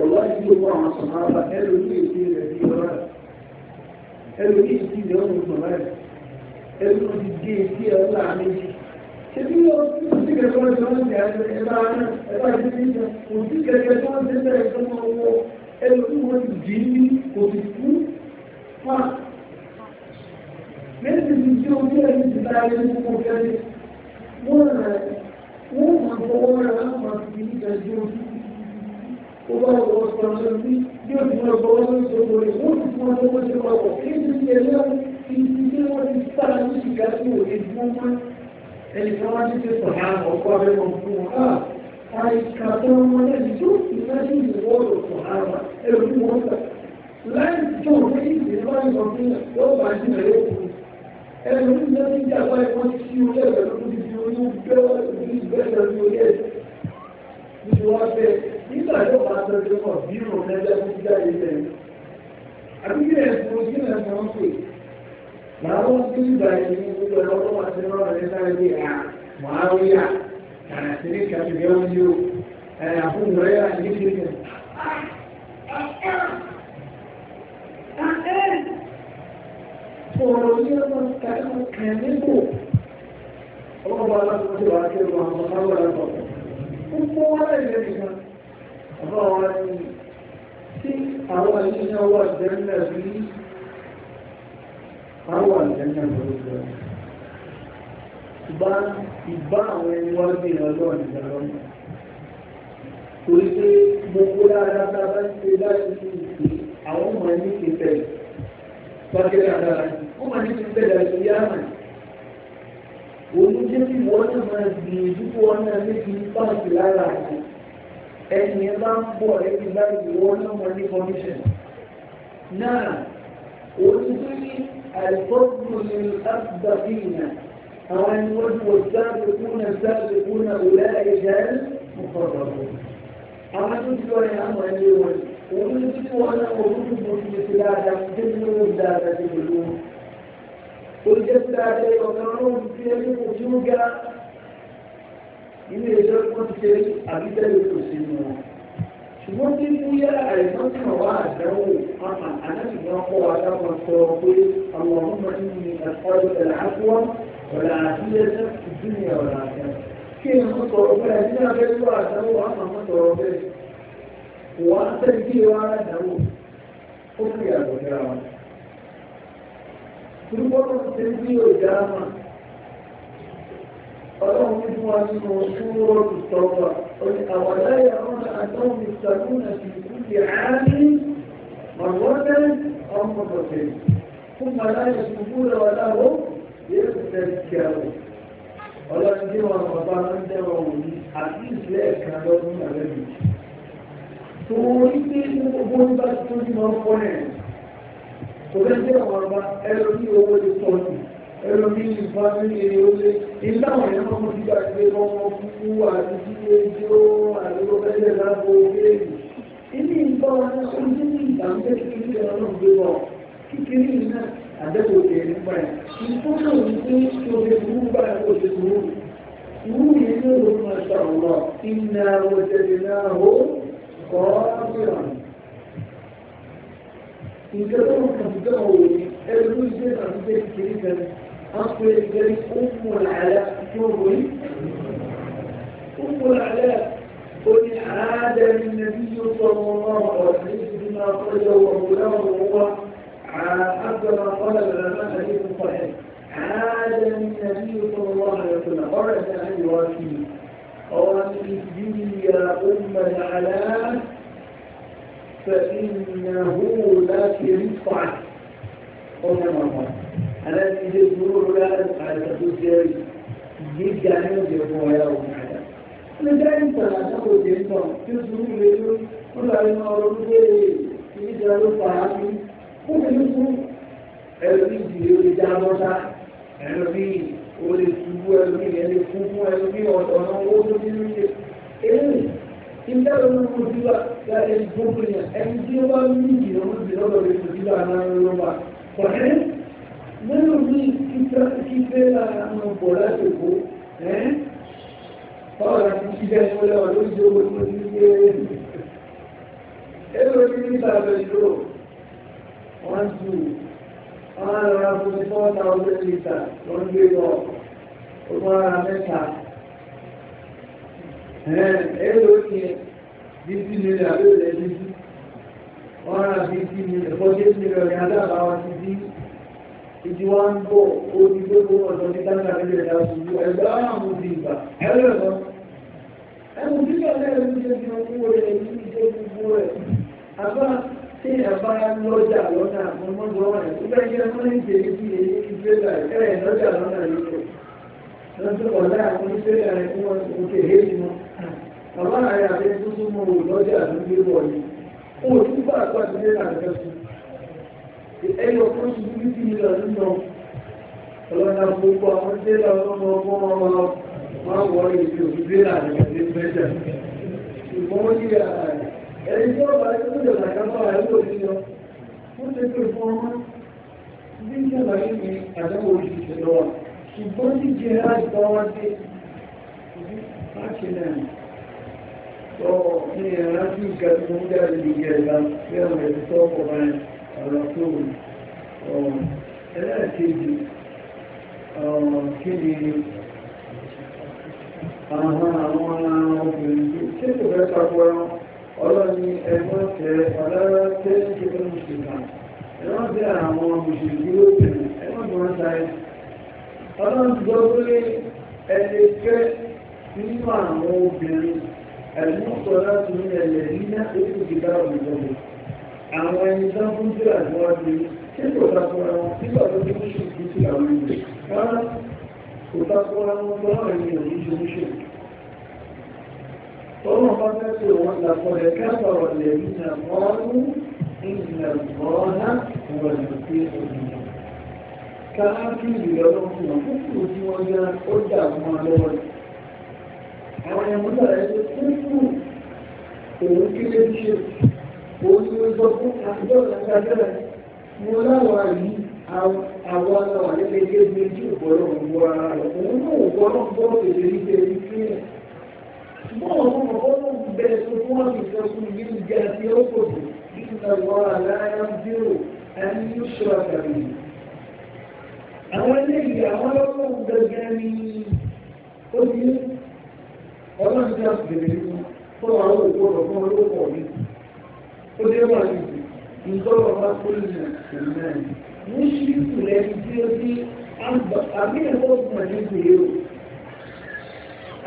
Ọ̀lá yìí ló mọ àwọn sọ̀rọ̀ àbá ẹlò ní èdè rẹ̀ bí ọ̀rá. Ẹlò ní èdè rẹ̀ ọ̀rùn sọ̀rọ̀ rẹ̀. Ẹlò ní dé etí ọ̀lá méjì. Ṣé bí ọtí kẹ̀kẹ́ tó ń jẹ́ ẹ̀bá ẹ̀bá ìdílé ọtí kẹ̀kẹ́ tó ń sọ ọ́n jẹ́ ẹ̀bá ìdílé méjì tí ó ní ẹni ti láyé ní ọjọ́ wọ́n rẹ̀ wọ́n máa fọwọ́ rẹ̀ wọ́n máa fi ìdájú ojú ó ti lọ́gbọ́ wọ́n ń sọ lórí wọ́n ti fún ọjọ́ wọ́n ti wà pọ̀ kí ní ti ẹlẹ́ ìdí tí wọ́n ti sára ní ìgbà tí ò lè fún wọn ẹni tí wọ́n ti sọ náà ọkọ̀ abẹ́ wọn fún wọn á àìkà tó wọn lẹ́yìn tó fi láti ìwọ́rọ̀ sọ̀ àrà ẹ̀rù wọn ẹni tí wọ́n ti jà wáyé wọ́n ti fi orí ẹ̀rọ lórí ibi orí bẹ́ẹ̀ orí bẹ́ẹ̀ lórí orí ẹ̀ níbi wọ́n fẹ́ nígbà yóò máa tọ́ ẹjọ́ kan bí irun lẹ́jọ́ tó ti jáde lẹ́yìn. àbí bí ẹ̀ fún ojú náà ni wọ́n pè làwọn tó ń gbà yìí ní gbogbo ẹ̀rọ tó máa ti rán ọ̀rẹ́ sáré ní à máa rí à kàràkiri kàtìgẹ́ wọn yóò ẹ̀ àfúnwò rẹ̀ à ọ̀rọ̀ ní ọmọ ìtàkùn kẹ̀míkò ọlọ́pàá láti tó wà kí ọmọ àwọn ọmọ ọmọ púpọ̀ wọ́n lè lè nìkan àbá wọn ni tí àwọn àyíṣẹ́ wà jẹ́mẹ̀ rí àwọn àjẹ́mẹ̀ lọ́wọ́ ìbá ìbá àwọn ẹni wọ́n gbé ọjọ́ ó mà ní ti bẹ̀rẹ̀ àti yá mà oníjẹ́ bí wọ́n náà máa gbìyànjú kó wọn náà níbi báńkì lára àti ẹni ẹ bá ń bọ̀ ẹni báyìí wọ́n náà máa ní commission náà oníjẹ́ bí àìkọ́gbọ̀n ní àgbàfihàn àwọn ẹni wọ́n ti wọ̀ sáré kúnà sáré kúnà òlẹ́ ẹ̀jẹ̀ mọ̀kànlọ́wọ́ àwọn tó ti lọ yẹn àwọn ẹni wọ̀nyí oníjẹ́ bí wọ́n náà wọ́n tó ti bọ̀ تجد عليه وكانوا بفعل وجودا ilé ẹjọ́ tí wọ́n ti ṣe àbídẹ́lẹ̀ tó sí mú wọn ṣùgbọ́n tí kú yá àìsàn tí wọ́n wá àdánwò ọmọ aláṣẹ wọn kọ́ wa dáwọn sọ pé àwọn ọmọ tí ní ẹ̀kọ́ ìbẹ̀rẹ̀ àkúwọ́ ọ̀rẹ́ àbílẹ̀ ìdí ni ọ̀rẹ́ àbẹ̀ kí ni wọ́n sọ̀rọ̀ pé ẹni náà fẹ́ tó àdánwò ọmọ wọn sọ̀rọ̀ bẹ́ẹ̀ wọ́n á tẹ́ Turúgbọ́n ti ní òjá mà. Ọlọ́run ní fún wa nínú ṣúró olùtọ́gbà. Oye àwàláyà ọ̀nà àtọ́hùn ìṣàkúnà sí ìkúlẹ̀ àárín màwọ́dẹ́ ọmọ bọ̀tẹ̀. Fún màláyà ṣubú rẹ̀ wà láwọ́, yóò ti tẹ̀ sí àwọn kò lẹ́sẹ̀ àwọn ọba ẹlò ní owó lè tọ́jú ẹlò ní ìfàmílì ní olè ìláwọn ẹ̀rọ mọ́ sí àti ọmọ kúkú àti jíjẹ jọ àti ọmọdé lábọ̀ òkèèrè ilé ìbára ní lọ kékeré náà àdẹ́kọ̀ọ́ náà ó kọ́ ọ́ nǹkan tó ń kàn síbẹ̀ wò ẹni tó ń ṣe àtúnṣe kékeré kan wọ́n pe ìgbẹ́rí ó ń mú àlẹ́ tí wọ́n wọ̀nyí. ó ń mú àlẹ́ ó ní àádẹ́rin nàbí yóò sọ wọn wọn ọ̀rọ̀ ní ìdí máa kọ́jọ́ wọn kò dáwọn wọn wá àgbẹ̀rẹ̀ ọ̀rọ̀ rẹ̀ máa ṣe é fún ẹ̀. عادني النبي صلى الله عليه وسلم خرج عن الواسيل قال اسجدي يا ام العلام فإنه لا تنفع قلنا مرة أنا أجد نور لا أدفع تدوسي جدا نوزي وقوياه معنا لذا أنت لا تقول جنبا تسرور ليلو قل علم أرده إذا رفعتي قل يسرور ẹlòmí ìdílé ó lè dá lọ́sà ẹlòmí ó lè ṣubú ẹlòmí ẹlòmí fúnfún ẹlòmí ọ̀dọ́ náà ó lórí lórí eléyìí ilé ìlú mùsùlùmá ya ẹni tó kù yẹn ẹni tí wọ́n ní ìlú mùsùlùmá lórí mùsùlùmá náà ló wà pọ̀lẹ́ nínú mi kíkẹ́ lára àwọn bọ̀ láti kó ẹ́ báwọn àti kíkẹ́ ìwọlé wà lórí ìjọba tó ti gbé ẹ̀rọ ní nígbà rẹ̀ yóò wọ́n ju wọ́n á lọ́n gbé lọ ọgbọ́n ara mẹ́ta ẹ̀rọ ti bíbí ni àbí ilẹ̀ bíbí wọ́n rà bíbí ni ìfọ́jẹ́ ti rẹ̀ ní adáàbá wa ti bí ìdí wa ń bọ̀ ó ti gbé gbogbo ọ̀dọ́ ní káńtà ní ìrẹ̀dá òṣùwò ẹ̀gbẹ́ àwọn ti ìgbà ẹ̀rọ ẹ̀kọ́ ẹ̀mú tí kí ọ̀lẹ́ ẹ̀rọ ti ṣe fi ọkú rẹ̀ ní ìṣe gbogbo rẹ̀ àbá tí ẹ̀bá lọ́jà lọ́nà àwọn rẹ̀ na tún ọ̀dá àwọn oníṣẹ́ ẹ̀rẹ́ tí wọ́n ti kè é jùlọ. Bàbá àyà àti tuntun mú un lọ́jọ́ àdúgbò wọ̀ yìí. Ó wò tún bá àpá àdúgbò náà lọ sí. Ẹyọ kan ti dúdú sí ilẹ̀ nínú ọlọ́dà gbogbo àwọn tí ó ìgbóhùn jẹ́ àjọ wọn dé láti lẹ́nu tó ní ìrántí ìkẹtù tó ń jáde ní ìjẹta tí àwọn ẹ̀sùn tó ọkọ̀ báyìí ọ̀rọ̀ tó wù ẹlẹ́ẹ̀kejì kí ni àwọn àwọn obìnrin tó ṣe tó fẹ́ sàkó ẹran ọlọ́ni ẹgbọ́n tẹ ọlọ́rọ̀ tẹ́ ṣe tó ń ọlọ́run ti gbọ́ pé ẹni fẹ́ nínú àwọn obìnrin ẹ̀lúkọ̀ láti ní ẹ̀lẹ̀ níná ètò ìgbà òmìnira àwọn ẹni tó ń jẹ́ àwọn obìnrin tí kò takọrọ wọn nígbà tó ti ń ṣòkú sí àwọn ilẹ̀ rárá kò takọrọ wọn káàkiri ọlọ́run àkókò tí wọ́n yá ó dà mọ́ lọ́wọ́ rẹ̀. Àwọn ẹ̀mú náà ẹ̀ ló kún fún òun kí lè ṣe òun ni ó sọ fún àjọ ìdájọ́ mo láwa yìí àwọn aláwà nílé ilé ní ojú ìgbọ́rọ̀ ìwọ ara rẹ̀ òun náà ò gbọ́rọ̀ gbọ́ èdè níbi ẹni fún ẹ̀. Mọ́ ọ̀rọ̀ ọ̀rọ̀ bẹ̀rẹ̀ tó fún ọ̀sìn kan fún ìlú ìjà àti ọ̀pọ̀ nígbà wọ́n aláyá ń bírò ẹni yóò ṣọ́ àgbàdo yìí àwọn eléyìí àwọn ọlọ́pàá gẹ́gẹ́ ní ó ti ní ọlọ́run tí a sì bèrè nínú fún àwọn òkúrò fún olóòpọ̀ mi ó dé wà ní ìjọba bá tó lè ṣèlú náà ní ṣíkù lẹ́ni tí ó ti àbí ẹ̀kọ́ fún ẹ̀mí o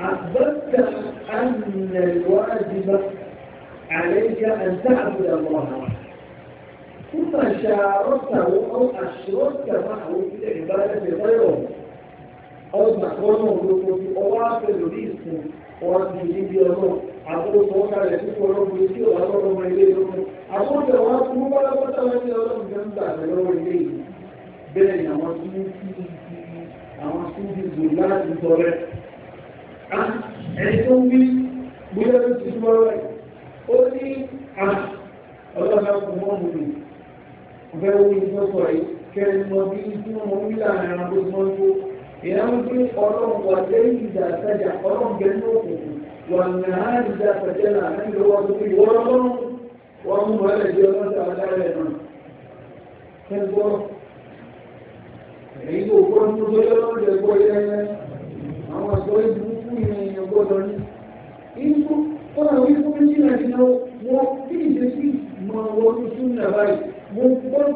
àgbẹ̀tà àmì ẹ̀wọ́ àdìbà àlẹ́ àti àbúrò àwọn ثم شاركته أو أشركت معه في العبادة غيره أو تكونه بقوات الرزق وأنتجيب يوم àbúrò tó ń kalẹ̀ sí ọlọ́run sí ọ̀rọ̀ ọmọ ilé lókun àbúrò tó wá fún pálápátá wọn ní ọlọ́run jẹ́ ń gbà lọ́wọ́ ilé yìí bẹ́ẹ̀ ni àwọn tí ń fi àwọn tí ń dìbò láti tọrẹ ẹni tó ń wí bóyá bẹ́ẹ̀ wí tó sọ yìí kẹrin mọ bí tí mo ń lànà ẹran tó mọ́ tó ìyá ń gbé ọlọ́run wà lẹ́yìn ìjà àtàjà ọlọ́run bẹ́ẹ̀ ní òkùnkùn wà nàá ìjà àtàjà náà ní ìlú wọn tó fi wọ́n lọ́rùn wọ́n mú wọn lè di ọmọ tí a dá rẹ̀ náà. kẹ́ńtọ́ èyí tó kọ́ ní gbogbo lọ́rùn lè gbọ́ yẹn àwọn àgbọ̀ ìdúkú yẹn yẹn gbọ́dọ̀ ní. ìlú kọ́nà wípé ní nàìjíríà wọ́n kí ìdẹ́sí mọ owó ní súnà báyìí mo gbọ́dọ̀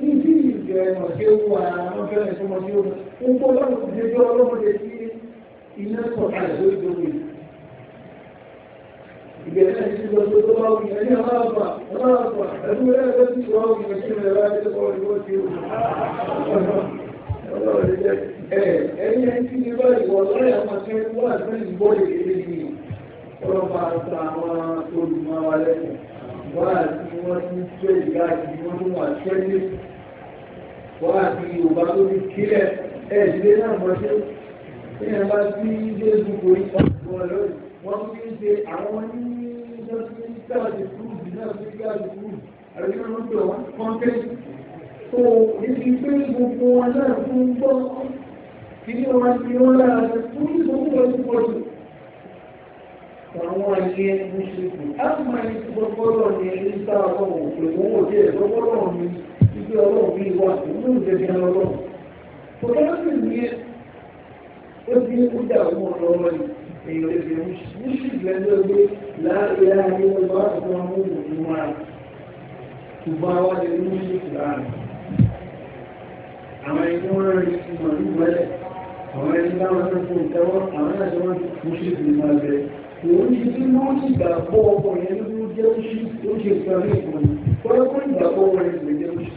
ní bí ìjọ ẹ̀mọ̀ tí ó wà àwọn fẹ́rẹ̀ tó mọ sí ó ń kó lọ́rùn ní ọjọ́ ọlọ́mọdé tí iná sọ̀kalẹ̀ lórí gbogbo yìí. ìgbẹ̀rẹ̀ náà ti lọ sí ọlọ́wọ́ ògùn ẹni aláàbà aláàbà ẹ̀dú ẹ̀rẹ́ tó ti wọ́n àti wọ́n ti ń tẹ́ ìgbàjì wọ́n tó wà tẹ́lẹ̀ wọ́n àti yorùbá tó ti kílẹ̀ ẹ̀ẹ́dẹ́ náà mọ́ ṣe ẹ̀yàn bá sí ilé ìdúgbò ìpàdé wọ́n fi ń ṣe àwọn oníṣẹ́sí kúrúùsì náà fi gbàjì kúrúùsì àrẹ́gbẹ́ wọn pè wọ́n kọ́ńtẹ́ẹ̀tì tó ibi pé gbogbo wọn náà fún gbọ́ kí ni wọ́n ti wọ́n lára rẹ̀ fún ìgbòkúwọ̀ ìpọ̀jù àwọn ẹyẹ mùsùlùmí asùnmọ̀ ẹni tí gbọ́gbọ́rọ̀ ni ẹni tá a kọ́ wò pé wọ́n wò díẹ̀ gbọ́gbọ́rọ̀ ni ibi ọlọ́run bí wà nínú ìdẹ́bí ọlọ́run fọtọ́lọ́sì ní ẹ ó ti ń kú dà wọ́n ọlọ́rọ̀ ni èèyàn lè fi mùsùlùmí lẹ́nu ẹgbẹ́ láàrin láàrin wọn bá tó wọn mú òun máa ṣùgbọ́n àwa àwọn ẹni tí wọ́n rẹ̀ ti àwọn ẹni tí wọ́n rẹ̀ ti òun ti ní lórí ìgbàgbọ́ ọkọ̀ yẹn ló jẹ́ oṣù tó ṣe kan ní ìpín tọ́lá fún ìgbàgbọ́ rẹ̀ ló jẹ́ oṣù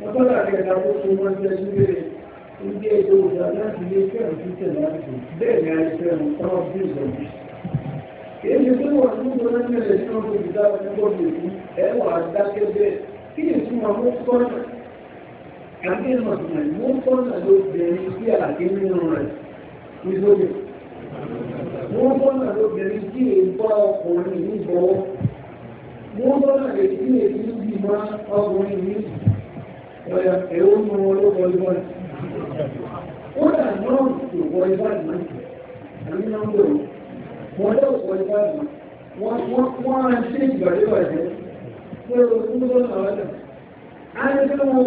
wọ́n tọ́lá kẹta tó tó wọ́n jẹ́ síbẹ̀ ó jẹ́ ètò òjà láti ilé fẹ́ràn sí tẹ̀lé àti bẹ́ẹ̀ ni a lè fẹ́ràn tọ́lá sí ìgbàgbọ́ èyí ṣe pé wọ́n tún tó lẹ́nu ẹ̀rẹ́ tí wọ́n tó ti púpọ̀ lòdì ẹ̀wọ̀n àdákẹ́ bẹ́ẹ̀ kí ni ìtumọ̀ mú kọ́nà àgbẹ̀mọ̀ mú kọ́nà ló bẹ̀rẹ̀ sí àgbẹ̀ rẹ̀ nítorí wọ́n bọ́nà lóbìnrin tí èyí bá ọkùnrin ní bọ́wọ́ wọ́n bọ́nà lè tí èyí bí má ọkùnrin ní ọ̀yà ẹ̀wọ́n mú wọn ló wọlé wọn ó dà náà kò wọlé wọn náà àmì náà ń bọ̀ wọn lé wọlé wọn náà wọ́n wọ́n á ṣe ìgbàlébàjẹ́ pé o tún bọ́nà wọn náà á ní ò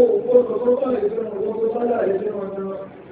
gbọ́dọ̀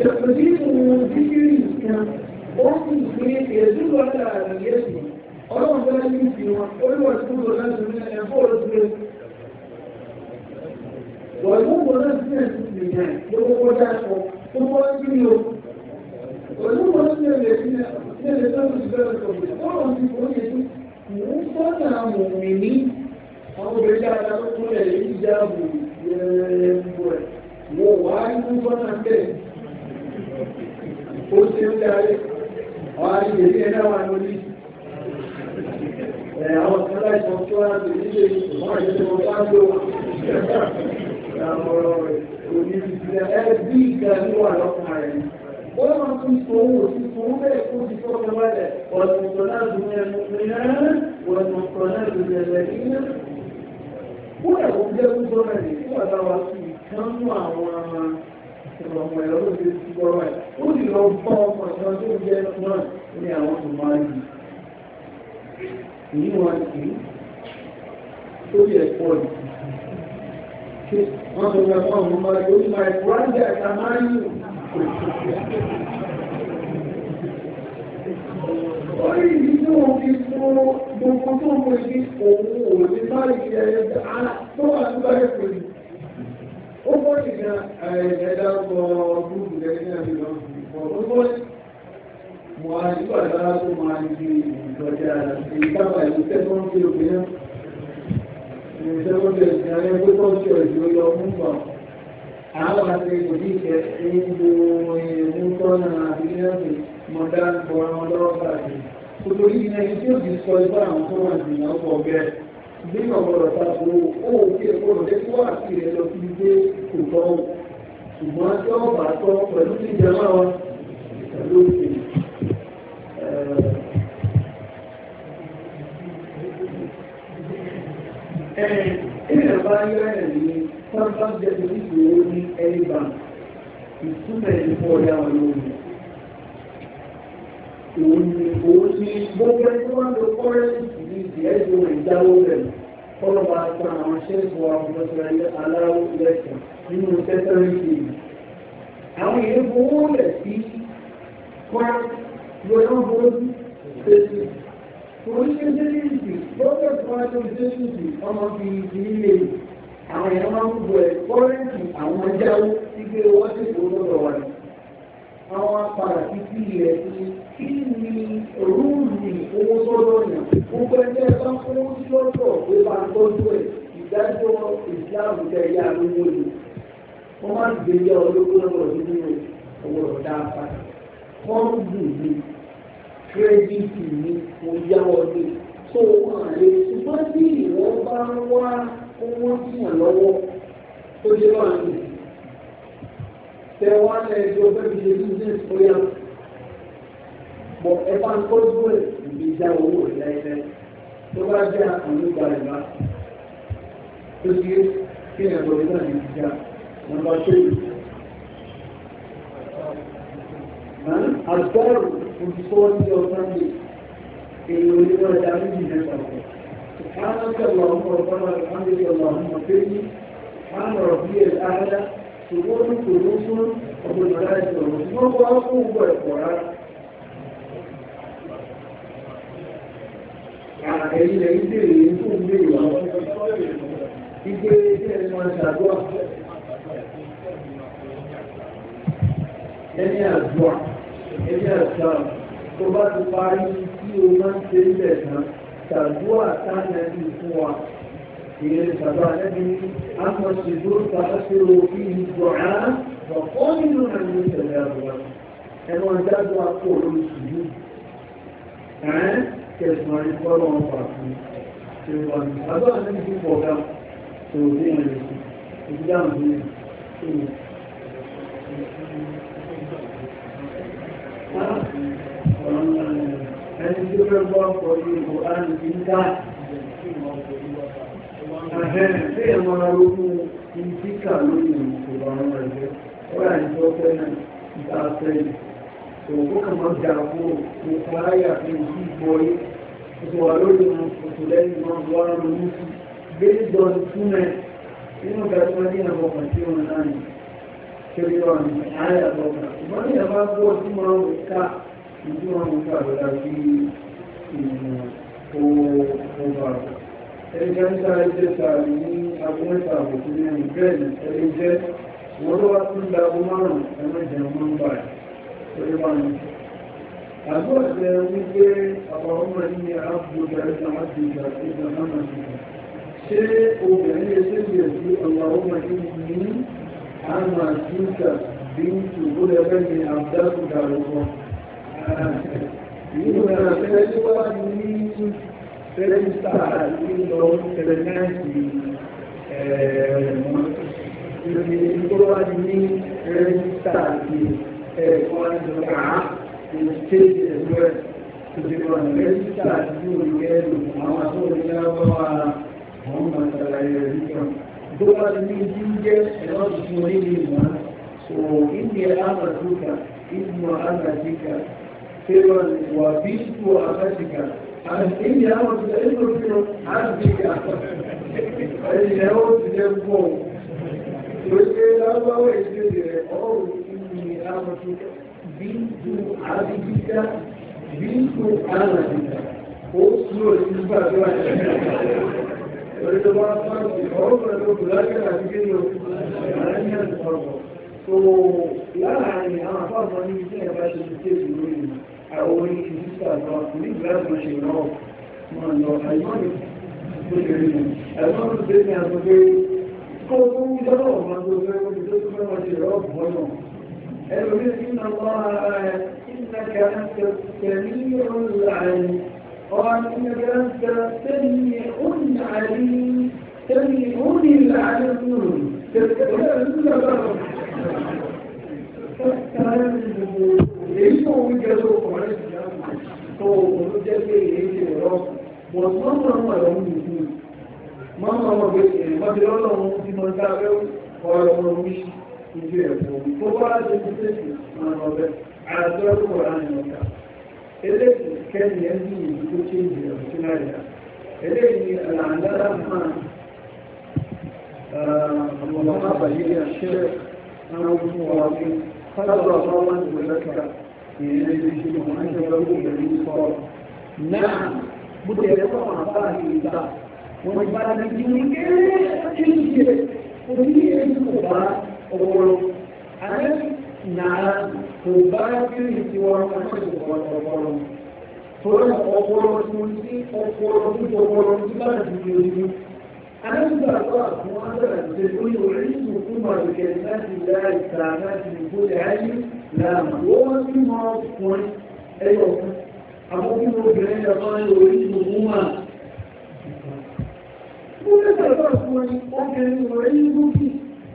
تقديم ذكر الإسلام وفي البيت يدل على عمليته ọlọ́run bá ní ìfì wọn olúwà tí ó láti ní ẹ̀fọ́ ọ̀rọ̀ wọ́n mú wọn láti ní ẹ̀sìn ìrìnà lówó dáṣọ tó wọ́n ń bí o wọ́n mú wọn sí ẹ̀rẹ̀ sí ẹ̀rẹ̀ sọ́rọ̀ sí bẹ́ẹ̀ sọ̀rọ̀ fọ́nà ti wọ́n yẹ tó mú sọ́nà àwọn òmìnir àwọn obìnrin dáadáa tó kúrẹ̀ yìí jáàbù ẹ̀ẹ́gbọ̀ ẹ̀ wo wà á inú gbọ́nà bẹ́ẹ̀ ó ṣe ń darí ọ̀há ilé ní ẹ̀dá wà lórí ẹ̀ àwọn kan o tí wọ́n á ti nílé ìwọ̀n ìṣẹ́ wọn bá ń lò àwọn òní ìṣẹ́ ẹbí ìgbà ní wà lọ́kàn rẹ̀ ó máa tún sọ owó sí fún bẹ́ẹ̀ kó ti tọ́ ọmọ rẹ̀ ọ̀sùn kan náà dùn ẹnu mìíràn ọ̀sùn kan náà dùn ẹ̀rẹ̀ nínú. Wọ́n ẹ̀kọ́ jẹ́ kó sọ́ra ní fún àtàwọn sí i wọ́n mú àwọn ọmọ ọmọ ẹ̀rọ ló ti ti gbọ́ rẹ̀ ó sì lọ bọ́ ọmọ ẹ̀rọ tó ń jẹ́ náà ní àwọn ọmọ yìí èyí wọn kì í tó yẹ pọ̀ yìí wọ́n ti wọ́n fún ọmọ ọmọ yìí ó ní máa ẹ̀kọ́ ráńjẹ́ ẹ̀ka máa ń yù Orí ìdíjú òfi fún gbogbo tó ń pè ní òun òní bá ìṣẹ̀lẹ̀ tó wà nígbà ẹ̀kọ́ yìí ó bọ́ ìgbà eh, ẹ̀dá ọkọ̀ gúúsù lẹ́yìn náà fi lọ́nà ìfọ̀ ó bọ́ mọ̀ àdúgbò àdára tó máa ń di ìjọjà ìkápá ìlú tẹ́gbọ́n tí obìnrin ìjọba ìjọba ìjọba ìjọba ìjọba ìjọba àwọn àti òdíkẹ ìgbò ìrìn tọ́nà àbílẹ́ọ̀dì mọ̀dá gbọ́ràn lọ́wọ́ bàbí kò tó yí ní ẹni tí ó ti sọ ipá àwọn tó wà nínú ọgbọ̀ bẹ́ẹ̀ nínú ọ̀rọ̀ ìtàkùn owó tí ẹ̀kọ́ rẹ̀ tó wà sí rẹ̀ lọ sí ilé kò tọ́ ṣùgbọ́n tí wọ́n bá tọ́ pẹ̀lú tí ìjẹ máa wọn pẹ̀lú òfin. Ẹ̀ẹ́dẹ̀ bá ń yọ ẹ̀rẹ̀ ní Samsung Jẹ́sẹ̀ ní ìgbòho ní Ẹ̀rí Bank, ìtúmẹ̀ ìfọ̀ọ́dá wọn lórí òun ni òun ni gbogbo ẹni wọn lo fọ́rẹ́ǹsì ní ìdí ẹ̀jọ̀ ìjáwó rẹ̀ kọ́lọ́ máa pa àwọn ṣẹ́ẹ̀fù àbúrọ̀sọ̀rẹ́ aláwọ̀ lẹ́sìn nínú sẹ́tẹ́rì kìí. àwọn èèyàn fowó rẹ̀ sí kọ́ lọ́dún bóyú tẹ̀sí. oríṣi jẹ́lẹ́sì lọ́dọ̀ fún àjọ jẹ́lẹ́sì ọmọ fi ìdílé àwọn èèyàn máa ń bọ̀ àwọn jáwó sí pé wọ́n kó lọ́dọ̀ àwọn apàdà sí sí ilẹ̀ sí kí ni rúùlù owó sọ́dọ̀ yàn gbogbo ẹgbẹ́ bá fún lọ́dọ̀ pé bá ń tọ́jú ẹ̀ ìdájọ́ ìsìláàmù jẹ́ ìyá lówó ni wọ́n máa ń gbé yá ológun lọ́wọ́ nínú owó ọ̀dà apàdà fọ́ọ̀mù ni kírẹ́dìtì ni mo yá ọdún tó wà lè ṣùgbọ́n bí ìwọ́n bá wá owó sí ìrànlọ́wọ́ tó dé lọ́wọ́ tẹ wá lẹ́yìn ọgbẹ́ mi lè ní ìfúnni à. Bọ̀ ẹ bá ń tọ́jú ẹ̀ ìbí já owó rẹ̀ lẹ́yìn tó bá jẹ́ àkànní gba ìgbà. Tó ti kí ẹ̀ lọ nígbà ní ìjà wọn lọ ṣe yìí. Àgbẹ̀rù olùkọ́ ní ọ̀sán yìí èyí onígbà ìjà méjì mẹ́ta ọ̀sán. سبحانك اللهم ربنا وبحمدك اللهم اغفر لي سبحان ربي الاعلى ṣùgbọ́n ní kò ní fún ọmọ ìrọ̀lá ìṣòro yóò wá fún ọgbọ̀ ẹ̀kọ́ rárá. Àtẹ̀yìn lẹ̀ ń bèèrè ní fún ìbéèrè wọn. Ìgbé ẹni wọn ṣàdúrà. Ẹni àdúrà, ẹni àdúrà, tó bá ti parí tí o máa ń ṣe ilẹ̀ tán, إلى فبالذي أما الصدور فأسروا فيه الدعاء وقالوا عن يتجاوز أنا أنتظر أقول السجود كسمان فلان فاتني سيوان هذا أنا في فوقا سيوان إسلام هنا أنا أقول لك أن القرآن إنت ṣé ẹ máa ronú ìdíkà lórí ìṣòro àwọn ẹgbẹ́ ọ̀rọ̀ àìsàn ọ̀fẹ́ náà ìta sẹ́yìn òun kàn máa dà kó nípa ayà pé ìdí ìbọyé tó wà lórí wọn kòtò lẹ́yìn náà wọ́n á ronú sí gbélé jọ ní túnmẹ̀ nínú ìgbàgbọ́ ní àwọn ọkàn tí wọn náà ní kéré wà ní ayà lọ́kàn ṣùgbọ́n ní ìyàbá gbọ́ tí wọ́n ń ká ìdí wọn ń ká àgbàdà sí ìmọ̀ owó ọba rẹ̀ ẹgbẹ́ ń sára jẹ́ sàárì ní agbóhẹ́ta àbùkù ní ìgbẹ́ ní ẹgbẹ́ jẹ́ wọ́n ló wá sí ìgbà ọgbọ́n márùn-ún ẹgbẹ́ jẹ́ ọmọ ń báyìí torí wà ní àgbọ́ ìṣẹ́ wípé àwọn ọmọ ní àbújá ìjọ àti ìjà ìjọ náà ṣe obìnrin lè ṣe ìyẹ̀ sí ọmọ ọmọ ní àmà jíjà bí i ṣùgbọ́n ẹgbẹ́ ni àbújá ìjọ àrùkọ rẹ́jísítà àti lọ tẹ̀lẹ̀ náà sí ìròyìn tó wá ní rẹ́jísítà àti ẹ̀kọ́ ìjọba ìṣèjì ẹ̀rọ ẹ̀ ìjọba rẹ́jísítà àti òyìnbó ẹ̀rọ àwọn àtúntò ní lọ́wọ́ àwọn mọ̀tàlàyé rẹ̀ nígbà tó wá ní jíjẹ́ ẹ̀rọ tuntun onílé ìmọ̀ so ìgbẹ́ àmàdúkà ìgbọ̀ àmàdúkà fẹ́ràn wà bí ìtò àmàdúkà àìsíyí àwọn ti ẹ̀yìn òfin láti fi àtọ́ ẹ̀yìn ẹ̀họ́ ti jẹ́ pọ̀ lóṣè lábáwọ̀ ìṣèlè rẹ̀ ọ̀rùn ìyìn àwọn ti bíntù àdìgídá bíntù àlàdìgá ó súrò sí gbàdúrà Orí tó bá fásitì, ọ̀rọ̀ pẹ̀lú òkúlájẹ́ àti gínú àárín àti ọ̀pọ̀. So láàárín àwọn àpapọ̀ ní iṣẹ́ ìbáṣepọ̀ tí èsì lórí ìmọ̀. àwọn oríṣiríṣi àgbà nígbà tó ṣe náà máa lọ àìmọ́ni tó ṣe rí ẹ̀wọ́n tó dé ní àtọ́ pé kó tó ń jọ́rọ̀ ọ̀gbọ́n tó fẹ́ omi tó tó fẹ́ wọ́n ṣe rọ́ ọ̀gbọ́n náà ẹ̀rọ ní ìsinmi àwọn ará ẹ̀ ìsinmi àti tẹ̀lé ọ̀la ẹ̀ ọ̀hún ìsinmi àti tẹ̀lé ọ̀la ẹ̀ tẹ̀lé ọ̀la ẹ̀ tẹ̀lé ọ̀la ẹ̀ èyí tó ń jẹ́ tó kọ̀ rẹ̀ sí àmà tó òun ló jẹ́ pé èyí ti rọ̀ wọ́n máa máa máa lọ ń dùn ún máa máa máa gbé ẹ̀rọ máa bẹ̀rẹ̀ ọlọ́run tí mo ń dá abẹ́rù ọ̀rọ̀ ọmọ mi ìdí ẹ̀fọ́ tó bá ṣe ti tẹ̀sí máa lọ bẹ́ẹ̀ àti ọdún ọ̀rá ni ọ̀gá eléyìí kẹ́ni ẹ̀ Náà, bó ti ẹ̀rẹ́ sọ̀rọ̀ àtàrí ìgbà, wọ́n ti bá ní kí ní kéré kí ní ṣe, orí èyí kò bá ọpọlọ. Ààrẹ náà kò bá kí ní ti wọ́n ọmọ ìṣòro ọpọlọ. Tọ́lá ọpọlọ tó ń sí ọpọlọ tó ń jọ ọpọlọ tó bá ti di ojú. أنزل الله سبحانه يقول يعيدكم بكلمات الله التامات من كل علم لا قوة ما تكون أيوة أقول لكم الله يعيدكم وكان يعيدك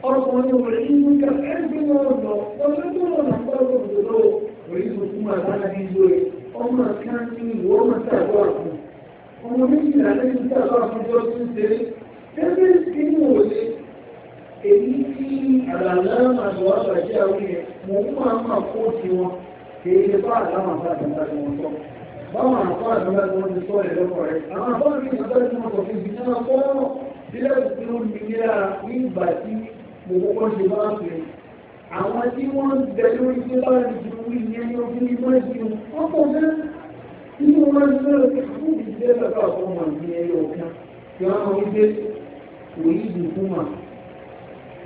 أرضا يعيدك بحب الأرض وتدور نحفظ الضوء ويعيدكم على هذه أما كان وما تأبعكم وما مثل عليه تأبعكم جواب سنتين Sempre escrevo ele. Ele que a lama agora vai ter alguém. Uma uma coisa ele faz lá uma coisa que não Vamos lá, fora da minha condição, ele não pode. A minha fora que não pode ser uma coisa, se não for, se ele não vier a invadir, eu vou continuar a ser. Àwọn tí wọ́n ń bẹ lórí tí bá ń ju ilé ní ojú ní wọ́n ti wọ́n pọ̀ náà. Nínú wọn ń bẹ̀rẹ̀ fún ìdílé lọ́dọ̀ àwọn ọmọ ìdílé ọ̀kan. Ìwọ́n mọ̀ wípé wòye ìdìkúmà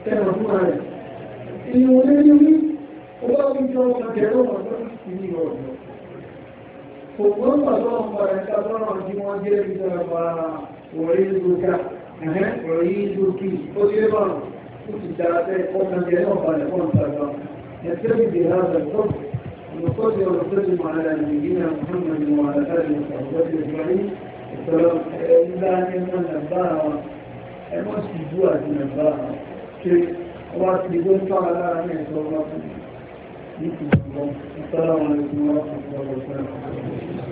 tẹ́lọ̀ fún ààrẹ ìyí wọ́n lé ní orí ọwọ́ ìjọ ọmọ tẹ̀lọ́ ọ̀dọ́ ìní ọ̀dọ́ ògbọ́n pàtó ọ̀pàdà ìtàbọ̀rọ̀ ọ̀dí wọ́n jẹ́ ìjọba wọ̀rí ìlúkà wọ̀rí ìlúkì ó jẹ́ bọ̀rọ̀ ó ti dára pé ọkàn jẹ́ ọ̀pàdà fún ìtàbọ̀ ẹ̀sẹ̀ ìdè hàzà tó ونقول ونقدم على نبينا محمد وعلى اله وصحبه اجمعين السلام الا ان الله ẹ̀wọ́n ti jú àti ẹ̀bá ṣe wá sí ló ń fara lára ní ẹ̀sọ́ wá fún ní ìgbọ̀n ìtọ́lá wọn lè fún wọn lọ́pọ̀ ọ̀pọ̀ ọ̀pọ̀